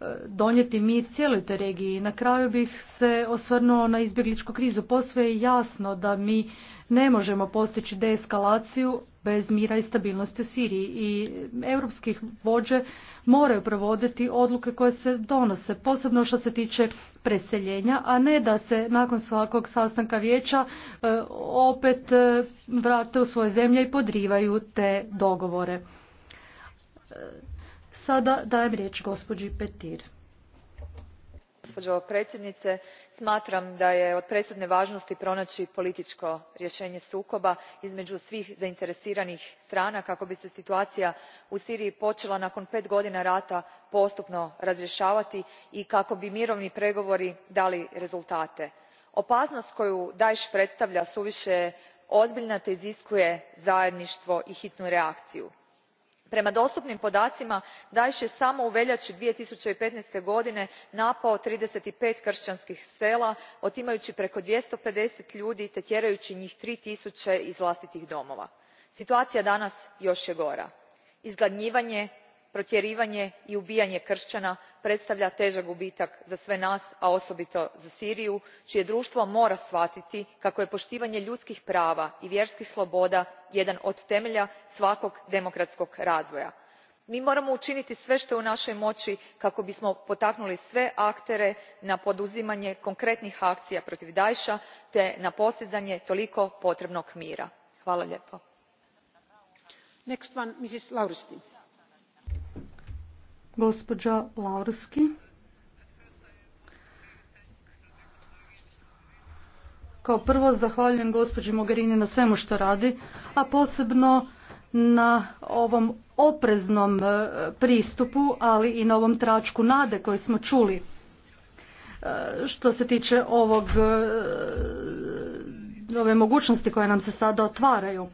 S6: e, donijeti mir cijeloj toj regiji. Na kraju bih se osvrnuo na izbjegličku krizu. Posve je jasno da mi ne možemo postići deeskalaciju bez mira i stabilnosti u Siriji i europskih vođe moraju provoditi odluke koje se donose, posebno što se tiče preseljenja, a ne da se nakon svakog sastanka vijeća eh, opet eh, vrate u svoje zemlje i podrivaju te dogovore. Eh, sada dajem riječ gospođi Petir
S5: gospođo predsjednice smatram da je od presudne važnosti pronaći političko rješenje sukoba između svih zainteresiranih strana kako bi se situacija u siriji počela nakon pet godina rata postupno razrješavati i kako bi mirovni pregovori dali rezultate. opasnost koju daesh predstavlja suviše ozbiljna te iziskuje zajedništvo i hitnu reakciju prema dostupnim podacima daesh je samo u veljai. two thousand and fifteen godine napao thirty five kranskih sela otimajui preko two hundred fifty ljudi te tjerajui njih three tisuće iz vlastitih domova. situacija danas jo je gora izgladnjivanje protjerivanje i ubijanje kršćana predstavlja težak gubitak za sve nas a osobito za siriju čije društvo mora shvatiti kako je poštivanje ljudskih prava i vjerskih sloboda jedan od temelja svakog demokratskog razvoja. mi moramo učiniti sve što je u našoj moći kako bismo potaknuli sve aktere na poduzimanje konkretnih akcija protiv Dajša te na postizanje toliko potrebnog mira. hvala lijepo.
S6: Gospođa Laurski. Kao prvo zahvaljujem gospođi Mogherini na svemu što radi, a posebno na ovom opreznom e, pristupu, ali i na ovom tračku nade koji smo čuli. E, što se tiče ovog, e, ove mogućnosti koje nam se sada otvaraju.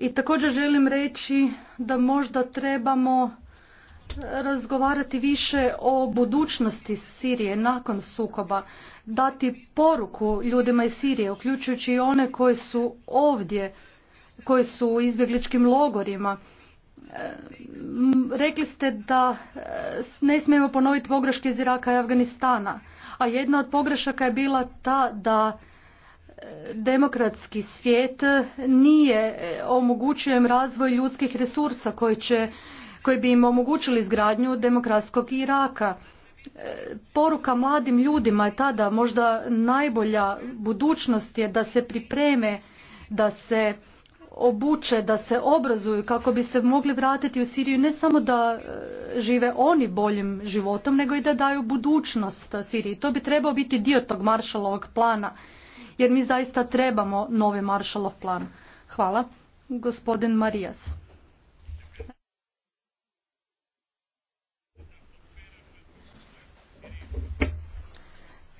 S6: I također želim reći da možda trebamo razgovarati više o budućnosti Sirije nakon sukoba, dati poruku ljudima iz Sirije, uključujući i one koji su ovdje, koji su u izbjegličkim logorima. E, rekli ste da e, ne smijemo ponoviti pogreške iz Iraka i Afganistana, a jedna od pogrešaka je bila ta da e, demokratski svijet nije omogućujem razvoj ljudskih resursa koji će koji bi im omogućili izgradnju demokratskog Iraka. E, poruka mladim ljudima je tada možda najbolja budućnost je da se pripreme, da se obuče, da se obrazuju kako bi se mogli vratiti u Siriju ne samo da e, žive oni boljim životom, nego i da daju budućnost Siriji. To bi trebao biti dio tog maršalovog plana, jer mi zaista trebamo novi maršalov plan. Hvala. Gospodin Marijas.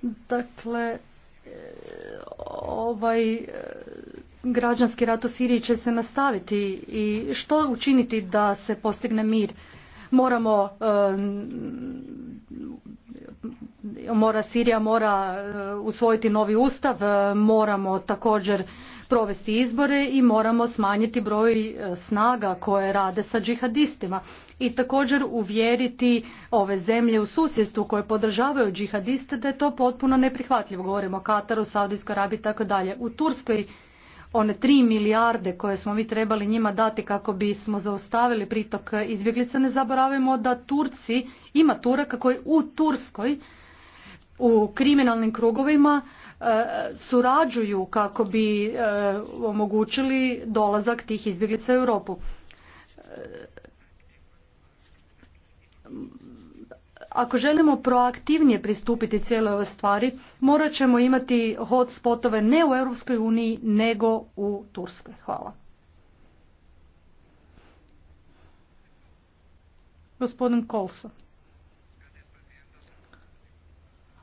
S6: Dakle, e, ovaj e, građanski rat u Siriji će se nastaviti i što učiniti da se postigne mir? Moramo e, mora Sirija mora usvojiti novi ustav, moramo također provesti izbore i moramo smanjiti broj e, snaga koje rade sa džihadistima i također uvjeriti ove zemlje u susjedstvu koje podržavaju džihadiste da je to potpuno neprihvatljivo. Govorimo o Kataru, Saudijskoj Arabiji i tako dalje. U Turskoj one tri milijarde koje smo mi trebali njima dati kako bismo zaustavili pritok izbjeglica, ne zaboravimo da Turci, ima Turaka koji u Turskoj u kriminalnim krugovima E, surađuju kako bi e, omogućili dolazak tih izbjeglica u Europu. E, ako želimo proaktivnije pristupiti cijeloj ovoj stvari, morat ćemo imati hot spotove ne u Europskoj uniji, nego u Turskoj. Hvala. Gospodin Kolso.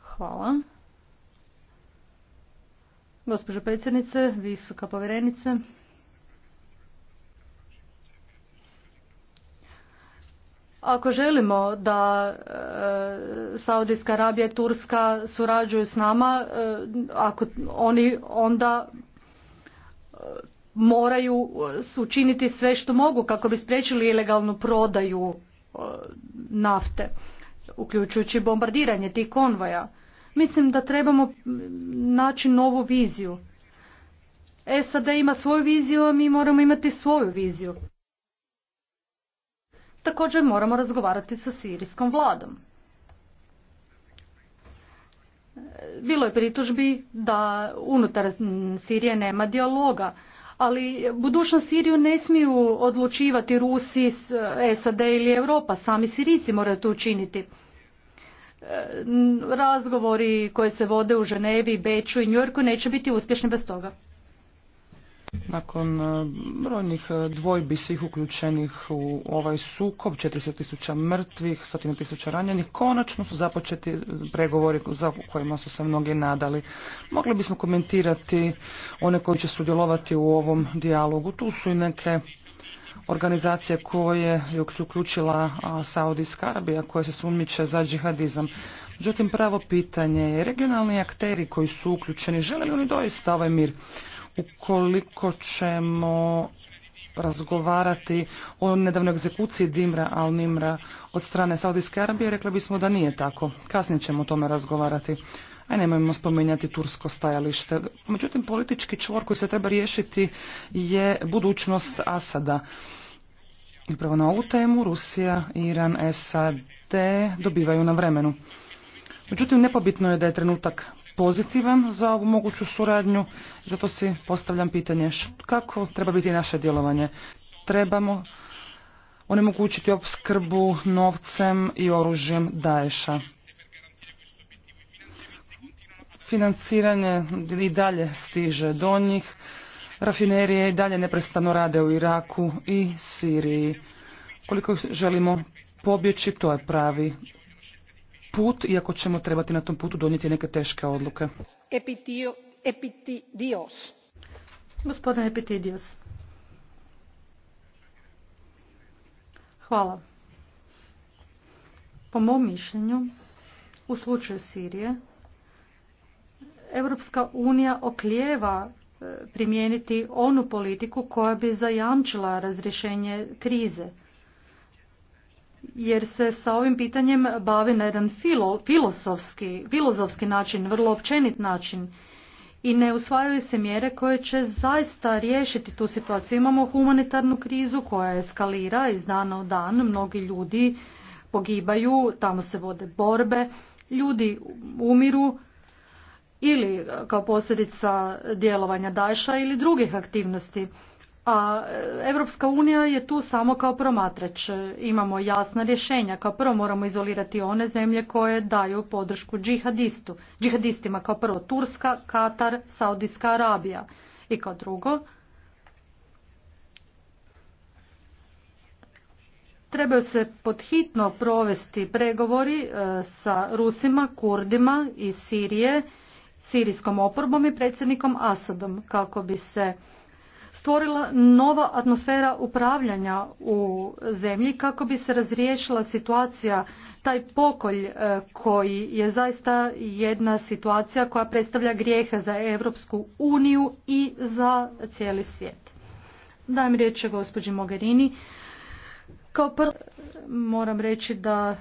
S6: Hvala. Gospođo predsjednice, visoka povjerenice, Ako želimo da e, Saudijska Arabija i Turska surađuju s nama, e, ako oni onda e, moraju učiniti sve što mogu kako bi spriječili ilegalnu prodaju nafte, uključujući bombardiranje tih konvoja. Mislim da trebamo naći novu viziju. SAD ima svoju viziju, a mi moramo imati svoju viziju. Također moramo razgovarati sa sirijskom vladom. Bilo je pritužbi da unutar Sirije nema dijaloga, ali budućnost Siriju ne smiju odlučivati Rusi, SAD ili Europa, sami Sirici moraju to učiniti. E, razgovori koji se vode u Ženevi, Beču i Njorku neće biti uspješni bez toga.
S4: Nakon e, brojnih e, dvojbi svih uključenih u ovaj sukob, 400 tisuća mrtvih, 100.000 tisuća ranjenih, konačno su započeti pregovori za kojima su se mnogi nadali. Mogli bismo komentirati one koji će sudjelovati u ovom dijalogu. Tu su i neke organizacija koje je uključila Saudijska Arabija koja se sumniče za džihadizam. Međutim, pravo pitanje je regionalni akteri koji su uključeni, žele li oni doista ovaj mir? Ukoliko ćemo razgovarati o nedavnoj egzekuciji Dimra al-Nimra od strane Saudijske Arabije, rekli bismo da nije tako. Kasnije ćemo o tome razgovarati a nemojmo spominjati tursko stajalište. Međutim, politički čvor koji se treba riješiti je budućnost Asada. I Upravo na ovu temu Rusija, Iran, SAD dobivaju na vremenu. Međutim, nepobitno je da je trenutak pozitivan za ovu moguću suradnju, zato si postavljam pitanje kako treba biti naše djelovanje. Trebamo onemogućiti opskrbu novcem i oružjem Daesha financiranje i dalje stiže do njih. Rafinerije i dalje neprestano rade u Iraku i Siriji. Koliko želimo pobjeći, to je pravi put, iako ćemo trebati na tom putu donijeti neke teške odluke.
S6: epitidios. Gospodin Epitidios. Hvala. Po mom mišljenju, u slučaju Sirije, Europska unija oklijeva e, primijeniti onu politiku koja bi zajamčila razrješenje krize. Jer se sa ovim pitanjem bavi na jedan filozofski, filozofski način, vrlo općenit način i ne usvajaju se mjere koje će zaista riješiti tu situaciju. Imamo humanitarnu krizu koja eskalira iz dana u dan, mnogi ljudi pogibaju, tamo se vode borbe, ljudi umiru, ili e, kao posljedica djelovanja Daša ili drugih aktivnosti. A Europska unija je tu samo kao promatrač. E, imamo jasna rješenja. Kao prvo moramo izolirati one zemlje koje daju podršku džihadistu. Džihadistima kao prvo Turska, Katar, Saudijska Arabija. I kao drugo, Trebaju se podhitno provesti pregovori e, sa Rusima, Kurdima i Sirije sirijskom oporbom i predsjednikom Asadom kako bi se stvorila nova atmosfera upravljanja u zemlji kako bi se razriješila situacija, taj pokolj e, koji je zaista jedna situacija koja predstavlja grijehe za Europsku uniju i za cijeli svijet. Dajem riječ gospođi Mogherini. Kao prvo moram reći da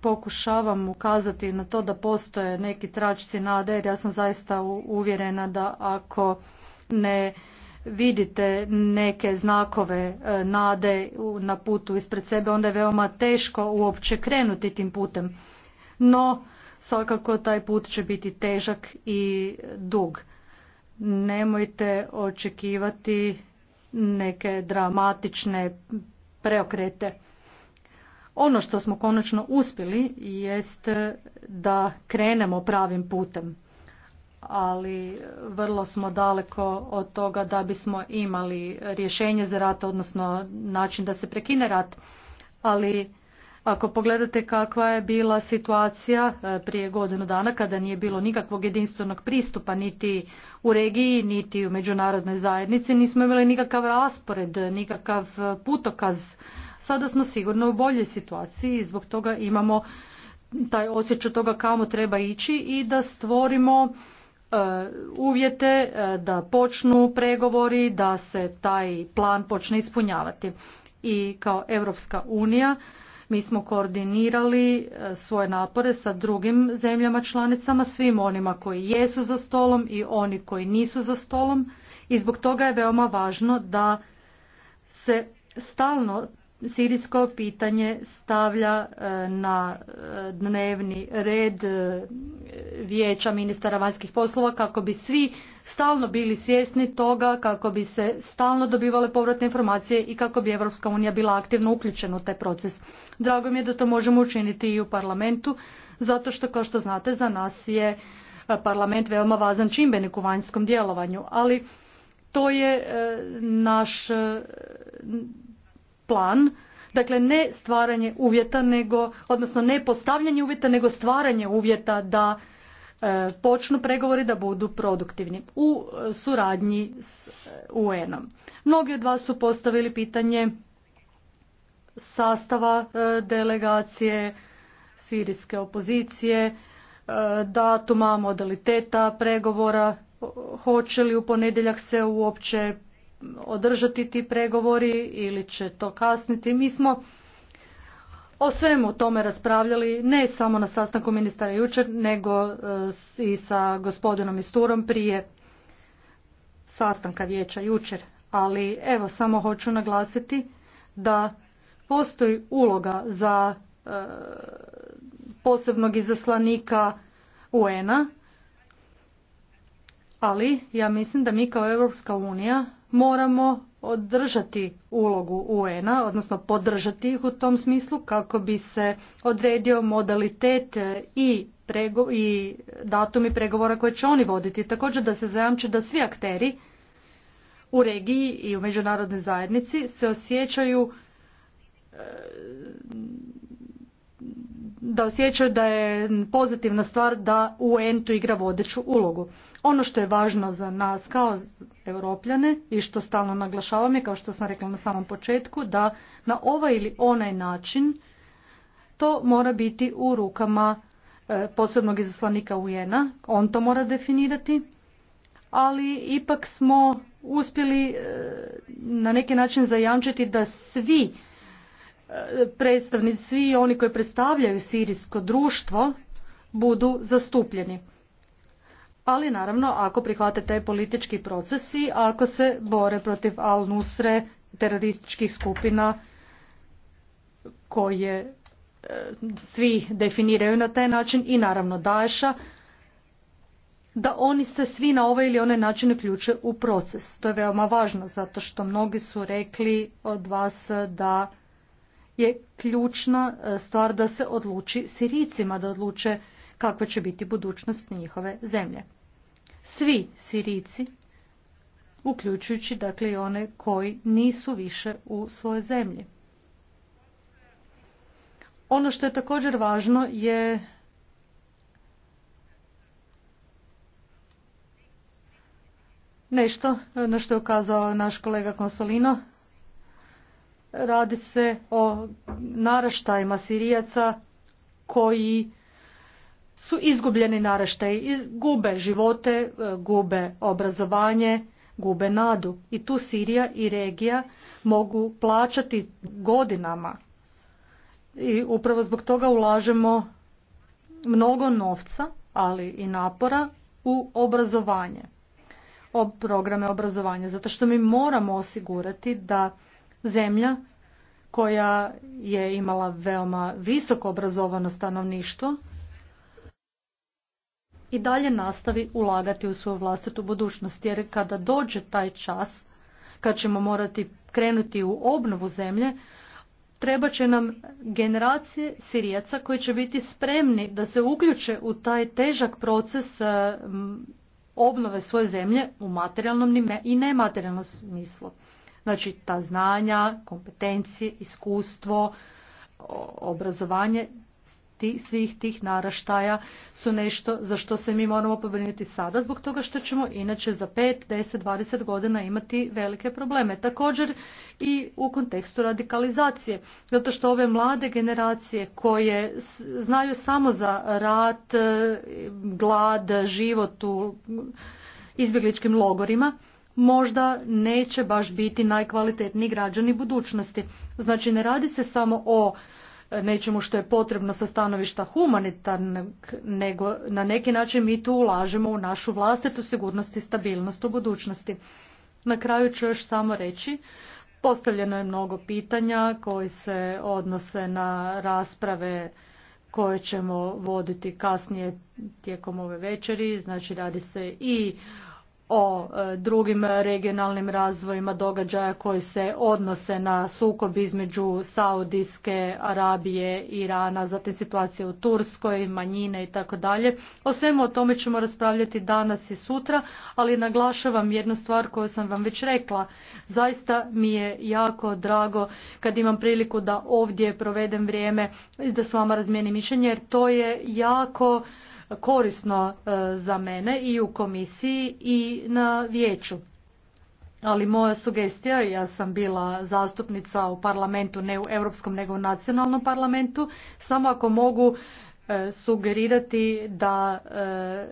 S6: pokušavam ukazati na to da postoje neki tračci nade jer ja sam zaista uvjerena da ako ne vidite neke znakove e, nade na putu ispred sebe onda je veoma teško uopće krenuti tim putem. No svakako taj put će biti težak i dug. Nemojte očekivati neke dramatične preokrete. Ono što smo konačno uspjeli jest da krenemo pravim putem, ali vrlo smo daleko od toga da bismo imali rješenje za rat, odnosno način da se prekine rat. Ali ako pogledate kakva je bila situacija e, prije godinu dana kada nije bilo nikakvog jedinstvenog pristupa niti u regiji, niti u međunarodnoj zajednici, nismo imali nikakav raspored, nikakav putokaz Sada smo sigurno u boljoj situaciji i zbog toga imamo taj osjećaj toga kamo treba ići i da stvorimo e, uvjete e, da počnu pregovori, da se taj plan počne ispunjavati. I kao Europska unija mi smo koordinirali e, svoje napore sa drugim zemljama članicama, svim onima koji jesu za stolom i oni koji nisu za stolom i zbog toga je veoma važno da se stalno sirijsko pitanje stavlja e, na e, dnevni red e, vijeća ministara vanjskih poslova kako bi svi stalno bili svjesni toga, kako bi se stalno dobivale povratne informacije i kako bi Europska unija bila aktivno uključena u taj proces. Drago mi je da to možemo učiniti i u parlamentu, zato što kao što znate za nas je parlament veoma važan čimbenik u vanjskom djelovanju, ali to je naš plan, dakle ne stvaranje uvjeta nego, odnosno ne postavljanje uvjeta nego stvaranje uvjeta da e, počnu pregovori da budu produktivni u e, suradnji s e, UN-om. Mnogi od vas su postavili pitanje sastava delegacije sirijske opozicije, datuma, modaliteta pregovora, hoće li u ponedjeljak se uopće održati ti pregovori ili će to kasniti. Mi smo o svemu tome raspravljali ne samo na sastanku ministara jučer, nego e, i sa gospodinom Isturom prije sastanka vijeća jučer. Ali evo, samo hoću naglasiti da postoji uloga za e, posebnog izaslanika UN-a, ali ja mislim da mi kao Europska unija moramo održati ulogu UN-a, odnosno podržati ih u tom smislu kako bi se odredio modalitet i, prego, i datumi pregovora koje će oni voditi. Također da se zajamče da svi akteri u regiji i u međunarodnoj zajednici se osjećaju e, da osjećaju da je pozitivna stvar da UN tu igra vodeću ulogu. Ono što je važno za nas kao europljane i što stalno naglašavam je, kao što sam rekla na samom početku, da na ovaj ili onaj način to mora biti u rukama e, posebnog izaslanika UN-a, on to mora definirati, ali ipak smo uspjeli e, na neki način zajamčiti da svi e, predstavnici, svi oni koji predstavljaju sirijsko društvo budu zastupljeni ali naravno ako prihvate taj politički procesi, ako se bore protiv al-Nusre terorističkih skupina koje e, svi definiraju na taj način i naravno Daesha, da oni se svi na ovaj ili onaj način uključe u proces. To je veoma važno zato što mnogi su rekli od vas da je ključna e, stvar da se odluči Sirijcima da odluče kakva će biti budućnost njihove zemlje. Svi Sirici, uključujući dakle i one koji nisu više u svojoj zemlji. Ono što je također važno je nešto na što je ukazao naš kolega Konsolino. Radi se o naraštajima Sirijaca koji su izgubljeni naraštaji, gube živote, e, gube obrazovanje, gube nadu. I tu Sirija i regija mogu plaćati godinama. I upravo zbog toga ulažemo mnogo novca, ali i napora u obrazovanje. O programe obrazovanja. Zato što mi moramo osigurati da zemlja koja je imala veoma visoko obrazovano stanovništvo, i dalje nastavi ulagati u svoju vlastitu budućnost. Jer kada dođe taj čas, kad ćemo morati krenuti u obnovu zemlje, treba će nam generacije Sirijaca koji će biti spremni da se uključe u taj težak proces e, obnove svoje zemlje u materijalnom i nematerijalnom smislu. Znači ta znanja, kompetencije, iskustvo, obrazovanje svih tih naraštaja su nešto za što se mi moramo pobrinuti sada zbog toga što ćemo inače za 5, 10, 20 godina imati velike probleme. Također i u kontekstu radikalizacije. Zato što ove mlade generacije koje znaju samo za rat, e, glad, život u izbjegličkim logorima, možda neće baš biti najkvalitetniji građani budućnosti. Znači ne radi se samo o nečemu što je potrebno sa stanovišta humanitarnog, nego na neki način mi tu ulažemo u našu vlastitu sigurnost i stabilnost u budućnosti. Na kraju ću još samo reći, postavljeno je mnogo pitanja koji se odnose na rasprave koje ćemo voditi kasnije tijekom ove večeri, znači radi se i o e, drugim regionalnim razvojima događaja koji se odnose na sukob između Saudijske Arabije, Irana, zatim situacije u Turskoj, manjine i tako dalje. O svemu o tome ćemo raspravljati danas i sutra, ali naglašavam jednu stvar koju sam vam već rekla. Zaista mi je jako drago kad imam priliku da ovdje provedem vrijeme i da s vama razmijenim mišljenje, jer to je jako korisno e, za mene i u komisiji i na vijeću. Ali moja sugestija, ja sam bila zastupnica u parlamentu, ne u europskom nego u nacionalnom parlamentu, samo ako mogu e, sugerirati da e,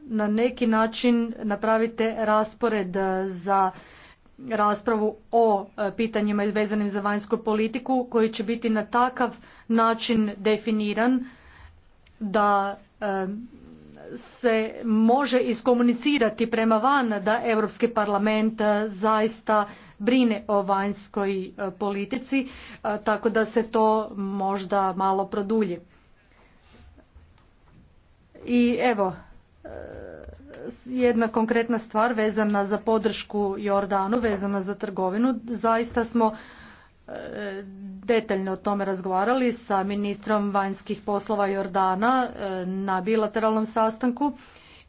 S6: na neki način napravite raspored za raspravu o e, pitanjima vezanim za vanjsku politiku koji će biti na takav način definiran da e, se može iskomunicirati prema van da Europski parlament e, zaista brine o vanjskoj politici, tako da se to možda malo produlji. I evo, jedna konkretna stvar vezana za podršku Jordanu, vezana za trgovinu. Zaista smo e, detaljno o tome razgovarali sa ministrom vanjskih poslova Jordana e, na bilateralnom sastanku.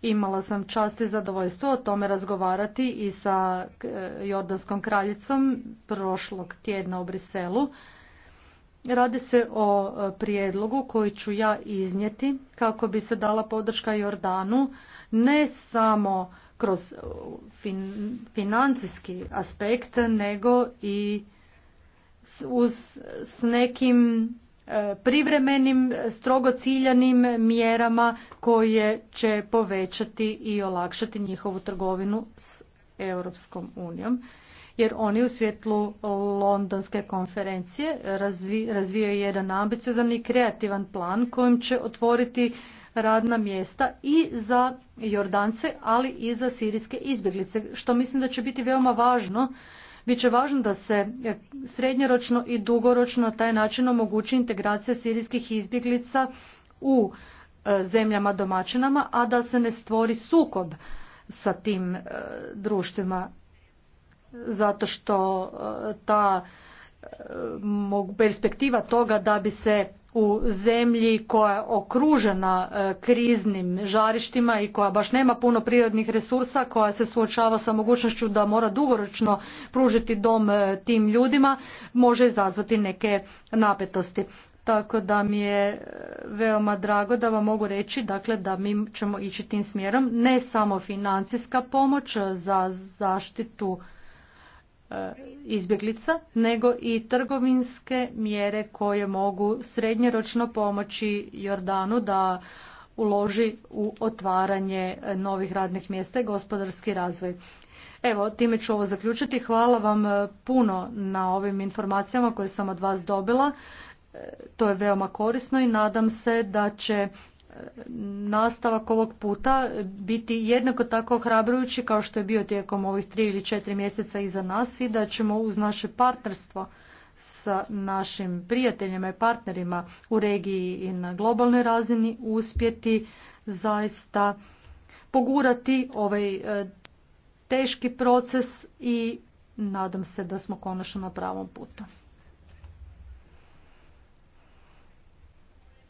S6: Imala sam čast i zadovoljstvo o tome razgovarati i sa e, Jordanskom kraljicom prošlog tjedna u Briselu. Radi se o e, prijedlogu koji ću ja iznijeti kako bi se dala podrška Jordanu ne samo kroz e, financijski aspekt nego i s, uz, s nekim e, privremenim, strogo ciljanim mjerama koje će povećati i olakšati njihovu trgovinu s Europskom unijom jer oni u svjetlu londonske konferencije razvijaju jedan ambiciozan i kreativan plan kojim će otvoriti radna mjesta i za Jordance, ali i za sirijske izbjeglice, što mislim da će biti veoma važno. će važno da se srednjoročno i dugoročno taj način omogući integracija sirijskih izbjeglica u e, zemljama domaćinama, a da se ne stvori sukob sa tim e, društvima zato što e, ta e, perspektiva toga da bi se u zemlji koja je okružena e, kriznim žarištima i koja baš nema puno prirodnih resursa, koja se suočava sa mogućnošću da mora dugoročno pružiti dom tim ljudima, može izazvati neke napetosti. Tako da mi je veoma drago da vam mogu reći dakle, da mi ćemo ići tim smjerom, ne samo financijska pomoć za zaštitu E, izbjeglica, nego i trgovinske mjere koje mogu srednjeročno pomoći Jordanu da uloži u otvaranje novih radnih mjesta i gospodarski razvoj. Evo, time ću ovo zaključiti. Hvala vam e, puno na ovim informacijama koje sam od vas dobila. E, to je veoma korisno i nadam se da će nastavak ovog puta biti jednako tako hrabrujući kao što je bio tijekom ovih tri ili četiri mjeseca iza nas i da ćemo uz naše partnerstvo sa našim prijateljima i partnerima u regiji i na globalnoj razini uspjeti zaista pogurati ovaj e, teški proces i nadam se da smo konačno na pravom putu.